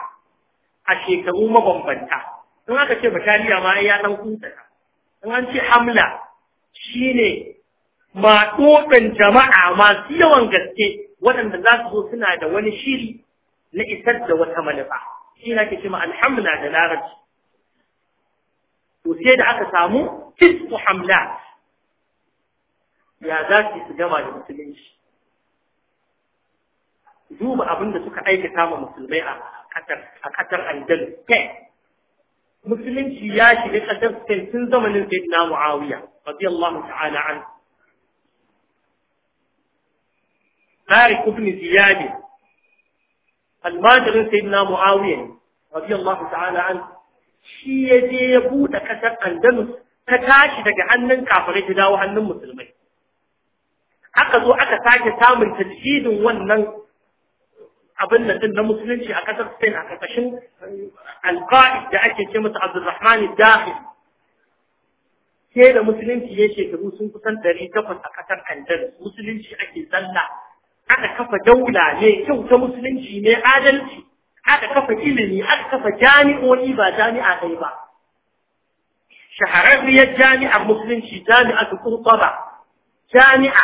a shekaru mabambanta in aka ce bataliya ma ya ɗan kuta in an ce hamla shine ma jama'a masu yawan gaske waɗanda za su zo suna da wani shiri na isar da wata manufa shi na ke cima alhamla da larabci to sai da aka samu tisku hamla ya za su gama da musulunci duba abin da suka aikata ma musulmai a ƙasar andalus musulunci ya shiga ƙasar spain tun zamanin sayyidina muawiya radiyallahu ta'ala anhu tariq ibn ziyad almajirin sayyidina muawiya radiyallahu ta'ala an shi ya je ya buɗe kasar andalus ta tashi daga hannun kafirai ta dawo hannun musulmai aka zo aka sake samun tajidin wannan abin da din na musulunci a kasar Spain a ƙarƙashin alqa'id da ake ce masa Abdulrahman Dakhil sai da musulunci ya shekaru sun kusan 800 a kasar Andalus musulunci ake zalla aka kafa daula ne kyau ta musulunci ne adalci aka kafa ilimi aka kafa jami'o'i ba jami'a kai ba shahararriyar jami'ar musulunci jami'a ta kurkwaba jami'a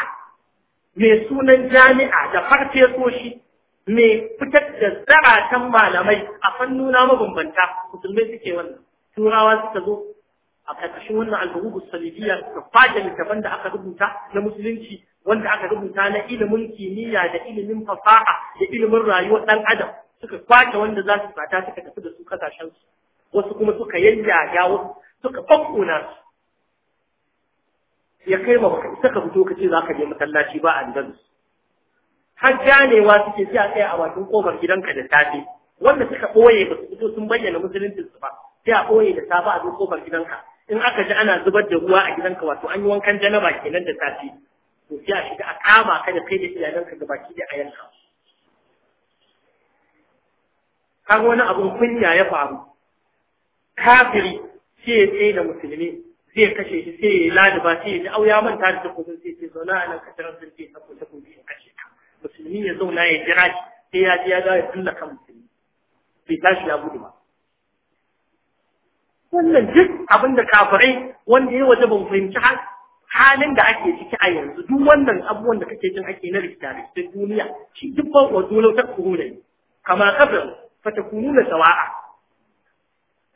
mai sunan jami'a da farfesoshi mai fitar da zaratan malamai a fannuna mabambanta musulmai suke wannan turawa suka zo a ƙarƙashin wannan albubu salibiyya suka fada littafan da aka rubuta na musulunci wanda aka rubuta na ilimin kimiyya da ilimin fasaha da ilimin rayuwar dan adam suka kwace wanda za su fata suka tafi da su kasashen su wasu kuma suka yayyaga wasu suka fakkuna su ya kai ma baka fito ka ce za ka je masallaci ba a gidan su har ganewa suke sai a tsaya a bakin kofar gidanka da safe wanda suka ɓoye ba su fito sun bayyana musulunci su ba sai a ɓoye da safe a zo kofar gidanka in aka ji ana zubar da ruwa a gidanka wato an yi wankan janaba kenan da safe to sai a shiga a ka da kai da iyalanka ga baki da ayanka kaga wani abun kunya ya faru kafiri sai ya tsaye da musulmi zai kashe shi sai ya ladiba sai ya ji auya manta da takobin sai ce zauna a nan ka tarar sun ce sako ta bi in kashe ka musulmi ya zauna ya jira shi sai ya ji ya ga ya kulla kan musulmi bai tashi ya gudu ba wannan duk abin da kafirai wanda ya waje ban fahimci har halin da ake ciki a yanzu duk wannan abubuwan da kake jin ake na rikita ta duniya shi duk ban wa dole ta kuru ne kama kafin fata kuru na sawa'a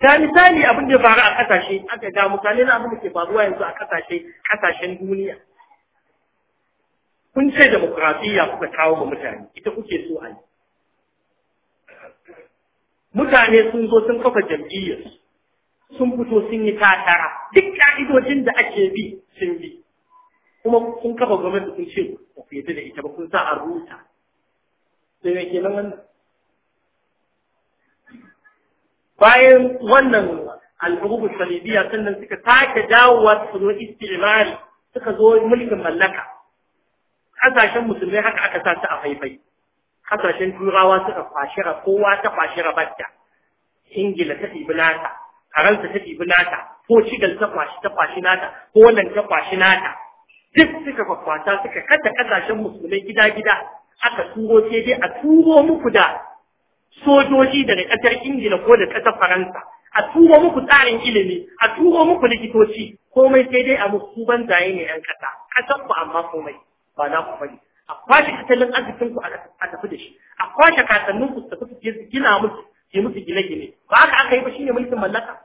ta misali abin da ya faru a kasashe aka ga mutane na abin da ke faruwa yanzu a kasashe kasashen duniya kun ce demokrasiyya kuka kawo ga mutane ita kuke so a yi mutane sun zo sun kafa jam'iyyarsu sun fito sun yi tatara. duk ka'idojin da ake bi sun bi kuma kun kafa gwamnati kun ce ba ku yadda da ita ba kun sa a rubuta sai ke nan wannan bayan wannan al'ubu salibiya sannan suka sake dawowa su zo istimari suka zo mulkin mallaka kasashen musulmai haka aka sa su a faifai kasashen turawa suka kwashi kowa ta kwashi rabatta ingila ta ɗibi nata karansa ta ɗibi nata ko cigal ta kwashi ta kwashi nata ko wannan ta kwashi nata duk suka kwakwata suka kada kasashen musulmai gida-gida aka turo sai dai a turo muku da sojoji daga ƙasar ingila ko da ƙasar faransa a turo muku tsarin ilimi a turo muku likitoci komai sai dai a muku banzaye ne yan ƙasa ƙasar ku amma komai ba na ku bari a kwashe tattalin arzikin ku a tafi da shi a kwashe kasannin ku tafi su gina musu yi musu gine-gine ba haka aka yi ba shine mulkin mallaka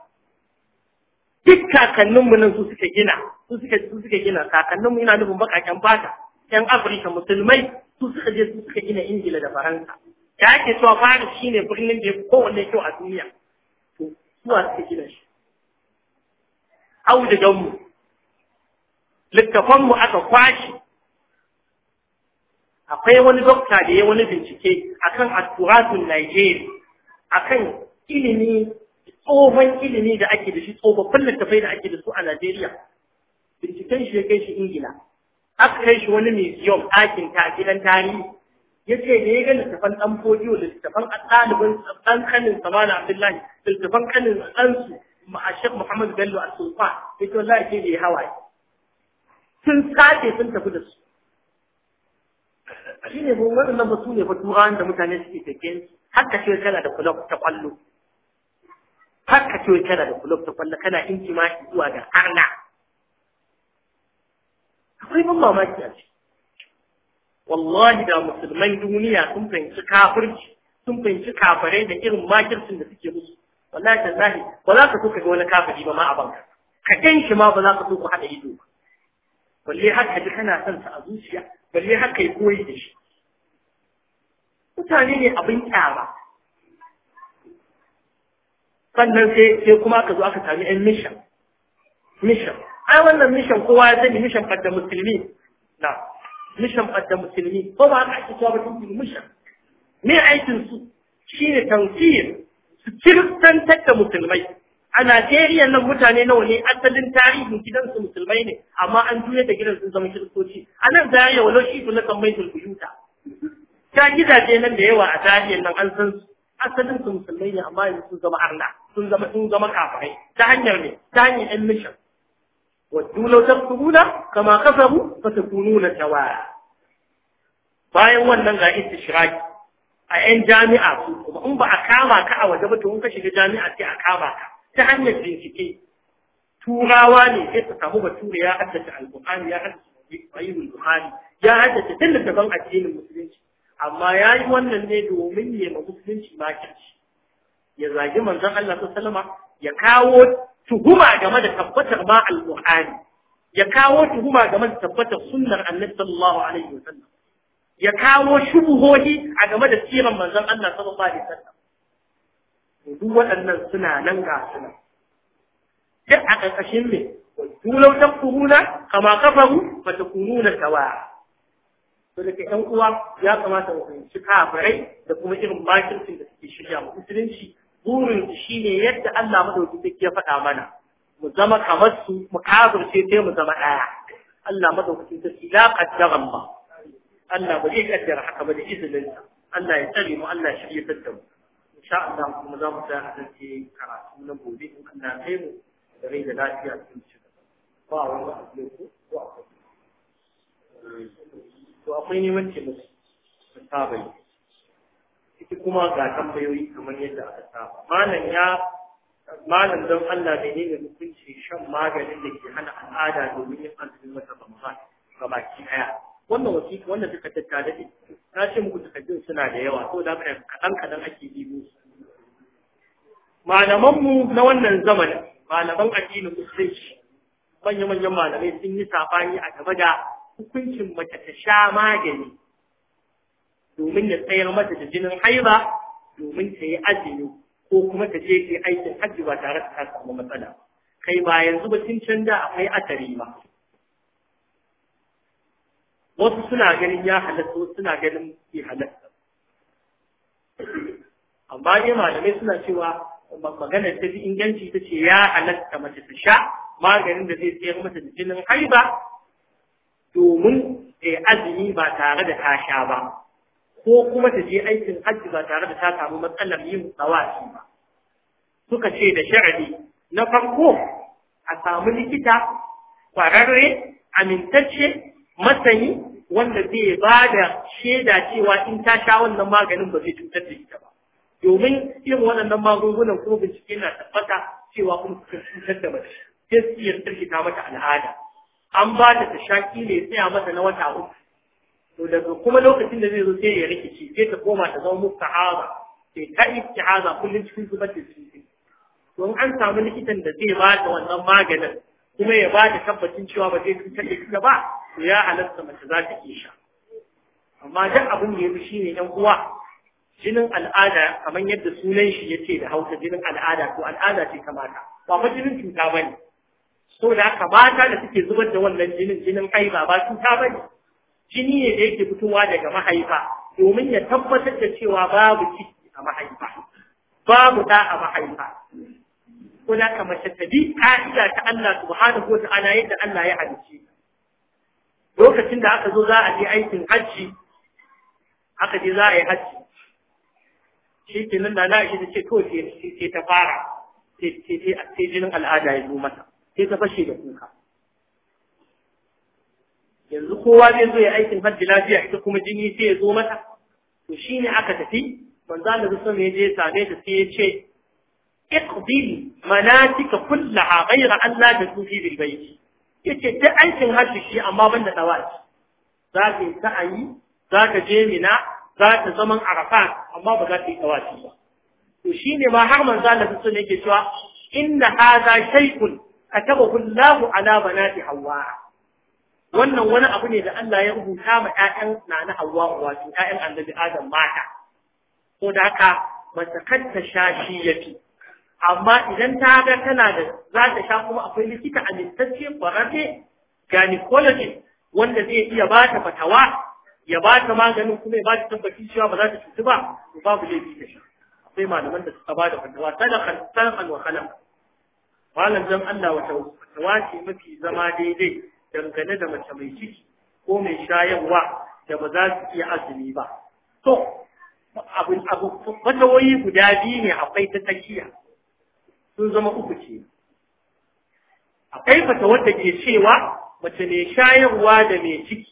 duk kakanninmu nan su suka gina su suka su suka gina kakanninmu ina nufin bakaken fata yan afirka musulmai su suka je su suka gina ingila da faransa da ake cewa shi shine birnin da ya fi kowanne kyau a duniya to suwa suka gina shi auduganmu littafanmu aka kwashe. akwai wani dokta da ya wani bincike akan atturatun Najeriya akan ilimi tsohon ilimi da ake da shi tsofaffin littafai da ake da su a Najeriya binciken shi ya kai shi Ingila aka kai shi wani museum ɗakin ta gidan tarihi ya ce da ya ga littafan ɗan fodiyo littafan ɗalibin ɗan kanin samana abdullahi littafan kanin ɗansu ma'ashek Muhammadu bello a sulfa ya ce a ke da ya hawaye sun sace sun tafi da su shi ne ba waɗannan ba su ne ba turawan da mutane suke tafiye haka shekara da kula ta kwallo har ka ce kana da kulob ta kwallo kana shi zuwa da arna akwai ban mamaki a ciki wallahi da musulman duniya sun fahimci kafirci sun fahimci kafirai da irin makircin da suke musu wallahi tallahi ba za ka so ka ga wani kafiri ba ma a banka ka gan shi ma ba za ka so ku haɗa ido ba balle har ka ji kana son sa a zuciya balle har ka yi koyi da shi mutane ne abin kyama sannan sai sai kuma aka zo aka sami yan mission mission ai wannan mission kowa ya sani mission fadda musulmi na mission fadda musulmi ko ba haka ake cewa ba mission me aikin su shine tawfir su kiristantar da musulmai a Najeriya nan mutane nawa ne asalin tarihin gidansu musulmai ne amma an juya da gidan sun zama kiristoci a nan yi walau shi na kan mai tulkuyuta ta gidaje nan da yawa a tarihin nan an san asalin su musulmai ne amma yanzu sun zama arna sun zama sun zama kafirai ta hanyar ne ta hanyar ɗan mishan waddu su takfuruna kama kasa kasabu fatakununa sawaa bayan wannan ga shiraki. a yan jami'a su kuma in ba a kama ka a waje ba to in ka shiga jami'a sai a kama ka ta hanyar bincike turawa ne sai ka samu bature ya haddace alqur'ani ya haddace sahihul bukhari ya haddace tallafin addinin musulunci amma ya yi wannan ne domin ne ma musulunci makirci ya zagi manzon Allah sallallahu ya kawo tuhuma game da tabbatar ma alqur'ani ya kawo tuhuma game da tabbatar sunnar annabi sallallahu alaihi wasallam ya kawo shubuhohi a game da siran manzon Allah sallallahu alaihi wasallam duk waɗannan suna nan ga suna duk a ƙarƙashin me tulau tafkuruna kama kafaru fa takununa sawa'a to daga ƴan uwa ya kamata mu fahimci kafirai da kuma irin makircin da suke shirya mu musulunci burin shi ne yadda Allah madauki take ya faɗa mana mu zama kamar su mu kafirce sai mu zama ɗaya Allah ta sarki la qaddaran ma. Allah ba zai kaddara haka ba da izinin sa Allah ya tsare mu Allah ya shirye ta mu insha Allah kuma za mu tsaya a cikin karatu na gobe in Allah kai mu da rai da lafiya cikin ci ba wani ba a ko ko akwai ne akwai neman ce musu musabai ita kuma ga tambayoyi kamar yadda aka saba malam ya malam don Allah menene hukunci shan maganin da ke hana al'ada domin yin azumi wata Ramadan ga baki daya wannan wasiƙa wannan duka tattare da na ce muku takaddun suna da yawa to da kai kadan kadan ake yi mu malaman mu na wannan zamanin malaman addinin musulunci manya manyan malamai sun yi sabani a game da hukuncin mace ta sha magani domin ya tsayar mata da jinin haiba domin ta yi azumi ko kuma ta je ta yi aikin hajji ba tare da ta samu matsala kai ba yanzu ba cin can da akwai atari ba wasu suna ganin ya halatta wasu suna ganin ke halatta amma dai malamai suna cewa magana ta fi inganci ta ce ya halatta mace ta sha maganin da zai tsayar mata da jinin haiba domin ta azumi ba tare da ta sha ba ko kuma ta je aikin hajji ba tare da ta samu matsalar yin tsawaki ba suka ce da sharadi na farko a samu likita kwararre amintacce masani wanda zai ba da shaida cewa in ta sha wannan maganin ba zai cutar da ita ba domin irin waɗannan magungunan kuma bincike na tabbata cewa kuma suka cutar da mace sai su iya tsirkita mata al'ada an ba ta ta sha ne tsaya mata na wata uku to daga kuma lokacin da zai zo sai ya rikici sai ta koma ta zama haza, sai ta haza kullum cikin zubar da cikin to an samu likitan da zai ba ta wannan maganin kuma ya ba ta tabbacin cewa ba zai cutar da ita ba to ya halatta mace za ta kisha. amma duk abin da ya fi shine ɗan uwa jinin al'ada kamar yadda sunan shi ya ce da hausa jinin al'ada to al'ada ce kamata, ba fa jinin cuta ba ne so da haka mata da suke zubar da wannan jinin jinin aiba ba cuta ba ne jini ne da yake fitowa daga mahaifa domin ya tabbatar da cewa babu ciki a mahaifa babu da a mahaifa kuna ka mace ta bi ka'ida ta Allah subhanahu wata'ala yadda Allah ya halice lokacin da aka zo za a je aikin hajji aka je za a yi hajji shi ke nan da na'ashi ta ce to sai ta fara sai jinin al'ada ya zo mata sai ta fashe da kuka yanzu kowa zai zo ya aikin hajji lafiya ita kuma jini sai ya zo mata to shine aka tafi manzo Allah sun ne je same ta sai ya ce iqdi manatika kullaha ghayra an la tasufi bil bayt yace ta aikin hajji shi amma da dawaci za ka yi sa'ayi za ka je mina za ka zaman arafat amma ba za ka yi dawaci ba to shine ma har manzo Allah sun ne ke cewa inna hadha shay'un katabahu Allahu ala banati hawwa wannan wani abu ne da Allah ya rubuta ma ƴaƴan nana Hawwa wato ƴaƴan Annabi Adam mata ko da haka mace kanta shashi yafi amma idan ta ga tana da za ta sha kuma akwai likita a littacce kwararre gynecologist wanda zai iya ba ta fatawa ya ba ta maganin kuma ya ba ta tabbacin cewa ba za ta cutu ba to babu laifi da shi akwai malaman da suka ba da fatawa sadaqan sadaqan wa khalaq malam dan Allah wata fatawa ce mafi zama daidai dangane da mace mai ciki ko mai shayarwa da ba za su iya azumi ba to abu abu guda biyu ne akwai ta tsakiya sun zama uku ce akwai fatawar da ke cewa mace mai shayarwa da mai ciki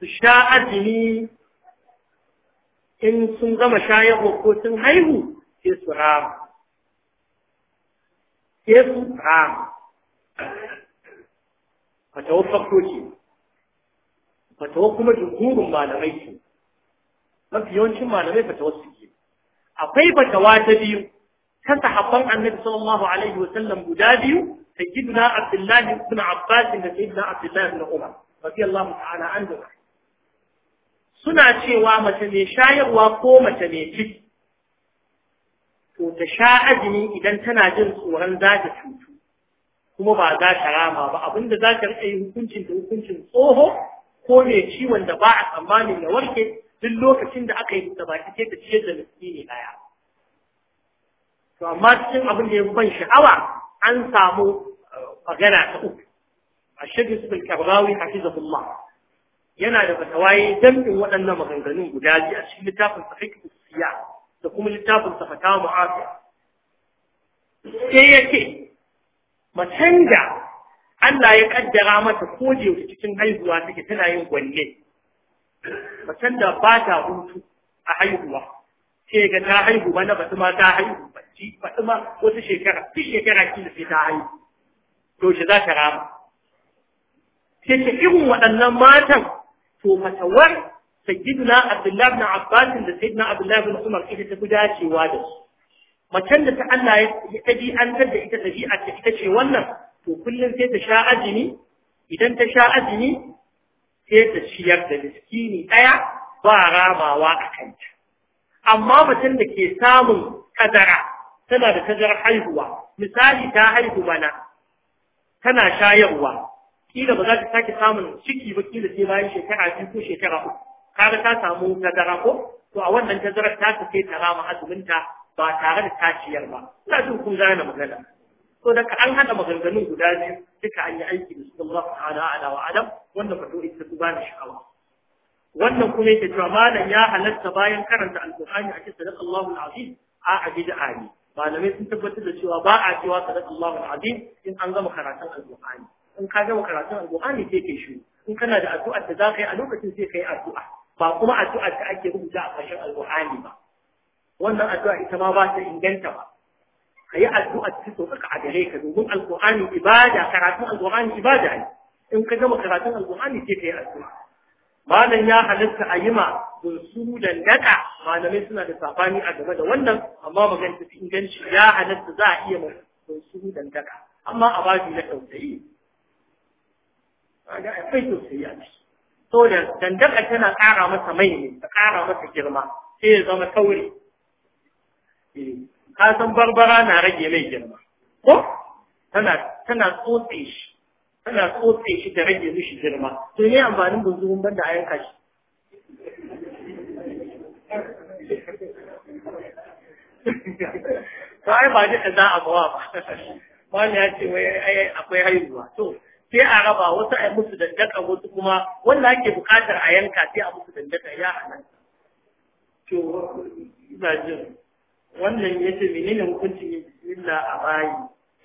su sha azumi in sun gama shayarwa ko sun haihu sai su rama fatawar farko ce fatawar kuma jumhurin malamai ce mafi yawancin malamai fatawar su ke akwai fatawa ta biyu ta sahabban annabi sallallahu alaihi wa sallam guda biyu sayyidina abdullahi ibn abbas da sayyidina abdullahi ibn umar radiyallahu ta'ala anhu suna cewa mace mai shayarwa ko mace mai ciki to ta sha azumi idan tana jin tsoron za ta cutu kuma ba za ka rama ba abinda za ka riƙa yi hukuncin da hukuncin tsoho ko ne ciwon da ba a tsammanin ya warke duk lokacin da aka yi da ta sai ta ciyar da ne daya. To amma cikin abin da ya ban sha'awa an samu eh, magana ta uku. A shirin su bilkarrawi hafizahullah yana da fatawaye dambin waɗannan maganganun guda biyu a cikin littafin sa siya da kuma littafin fata mu'afiya. Sai ya ce macen da Allah ya kaddara mata ko je cikin haihuwa suke tana yin gwanne macen da ba ta hutu a haihuwa sai ga ta haihu bana ba ma ta haihu bacci ba ma wasu shekara fi shekara kila sai ta haihu to shi za ta rama sai irin waɗannan matan to matawar sayyidina Abdullahi na Abbasin da sayyidina Abdullahi ibn Umar ita ta fi dacewa da su macen da ta Allah ya tabi an da ita dabi'a ta ita ce wannan to kullum sai ta sha azumi idan ta sha azumi sai ta ciyar da miskini ɗaya ba ramawa a kanta amma macen da ke samun kadara tana da tajar haihuwa misali ta haihu na, tana shayarwa kila ba za ta sake samun ciki ba kila sai bayan shekara biyu ko shekara uku kaga ta samu tazara ko to a wannan tazarar ta take ta rama azuminta ba tare da tashiyar ba ina jin kun gane magana to daga an hada maganganun guda biyu duka an yi aiki da su Allah subhanahu wa ta'ala wa wannan fito ita bani sha'awa wannan kuma yake cewa malam ya halatta bayan karanta alqur'ani a cikin sadaqallahu alazim a abida ali malamai sun tabbatar da cewa ba a cewa sadaqallahu alazim in an gama karatun alqur'ani in ka gama karatun alqur'ani sai kai shi in kana da addu'ar da za ka yi a lokacin sai ka yi addu'a ba kuma addu'ar da ake rubuta a ƙarshen alqur'ani ba wannan addu'a ita ma ba ta inganta ba ka yi addu'a ta sauƙaƙa a gare ka domin alƙur'ani ibada karatun alƙur'ani ibada ne in ka gama karatun alƙur'ani sai ka yi addu'a malam ya halatta a yi ma bunsuru da malamai suna da safani a game da wannan amma magana ta inganci ya halatta za a iya ma su da naɗa amma a babu na tausayi ga akwai tausayi a ciki saboda dandaka tana ƙara masa mai ne ta ƙara masa girma sai ya zama tauri ka san barbara na rage mai girma ko tana tana tsotse shi tana tsotse shi ta rage mishi girma to ne amfanin bunzurun banda a yanka shi to ai ba duka za a bawa ba wani ya ce wai akwai haihuwa to sai a raba wasu a musu dandaka wasu kuma wanda ake bukatar a yanka sai a musu dandaka ya halatta to ina jin wannan ya ce menene hukuncin yin bismillah a bayi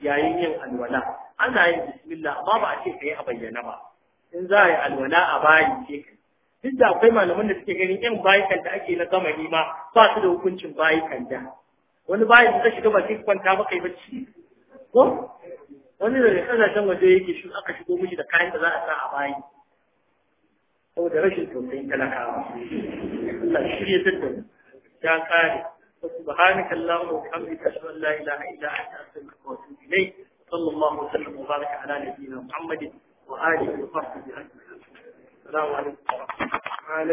yayin yin alwala ana yin bismillah amma ba a ce ka a bayyana ba in za a yi alwala a bayi ce kai duk da akwai malaman da suke ganin yan bayi da ake na gama ma ba su da hukuncin bayi da wani bayi da shiga ba kwanta ba kai bacci ko wani daga kasashen waje yake shi aka shigo mishi da kayan da za a sa a bayi saboda rashin tausayin talakawa shirya shirye ta ya kare سبحانك اللهم وبحمدك اشهد ان لا اله الا انت استغفرك واتوب اليك صلى الله وسلم وبارك على نبينا محمد واله وصحبه اجمعين السلام عليكم ورحمه الله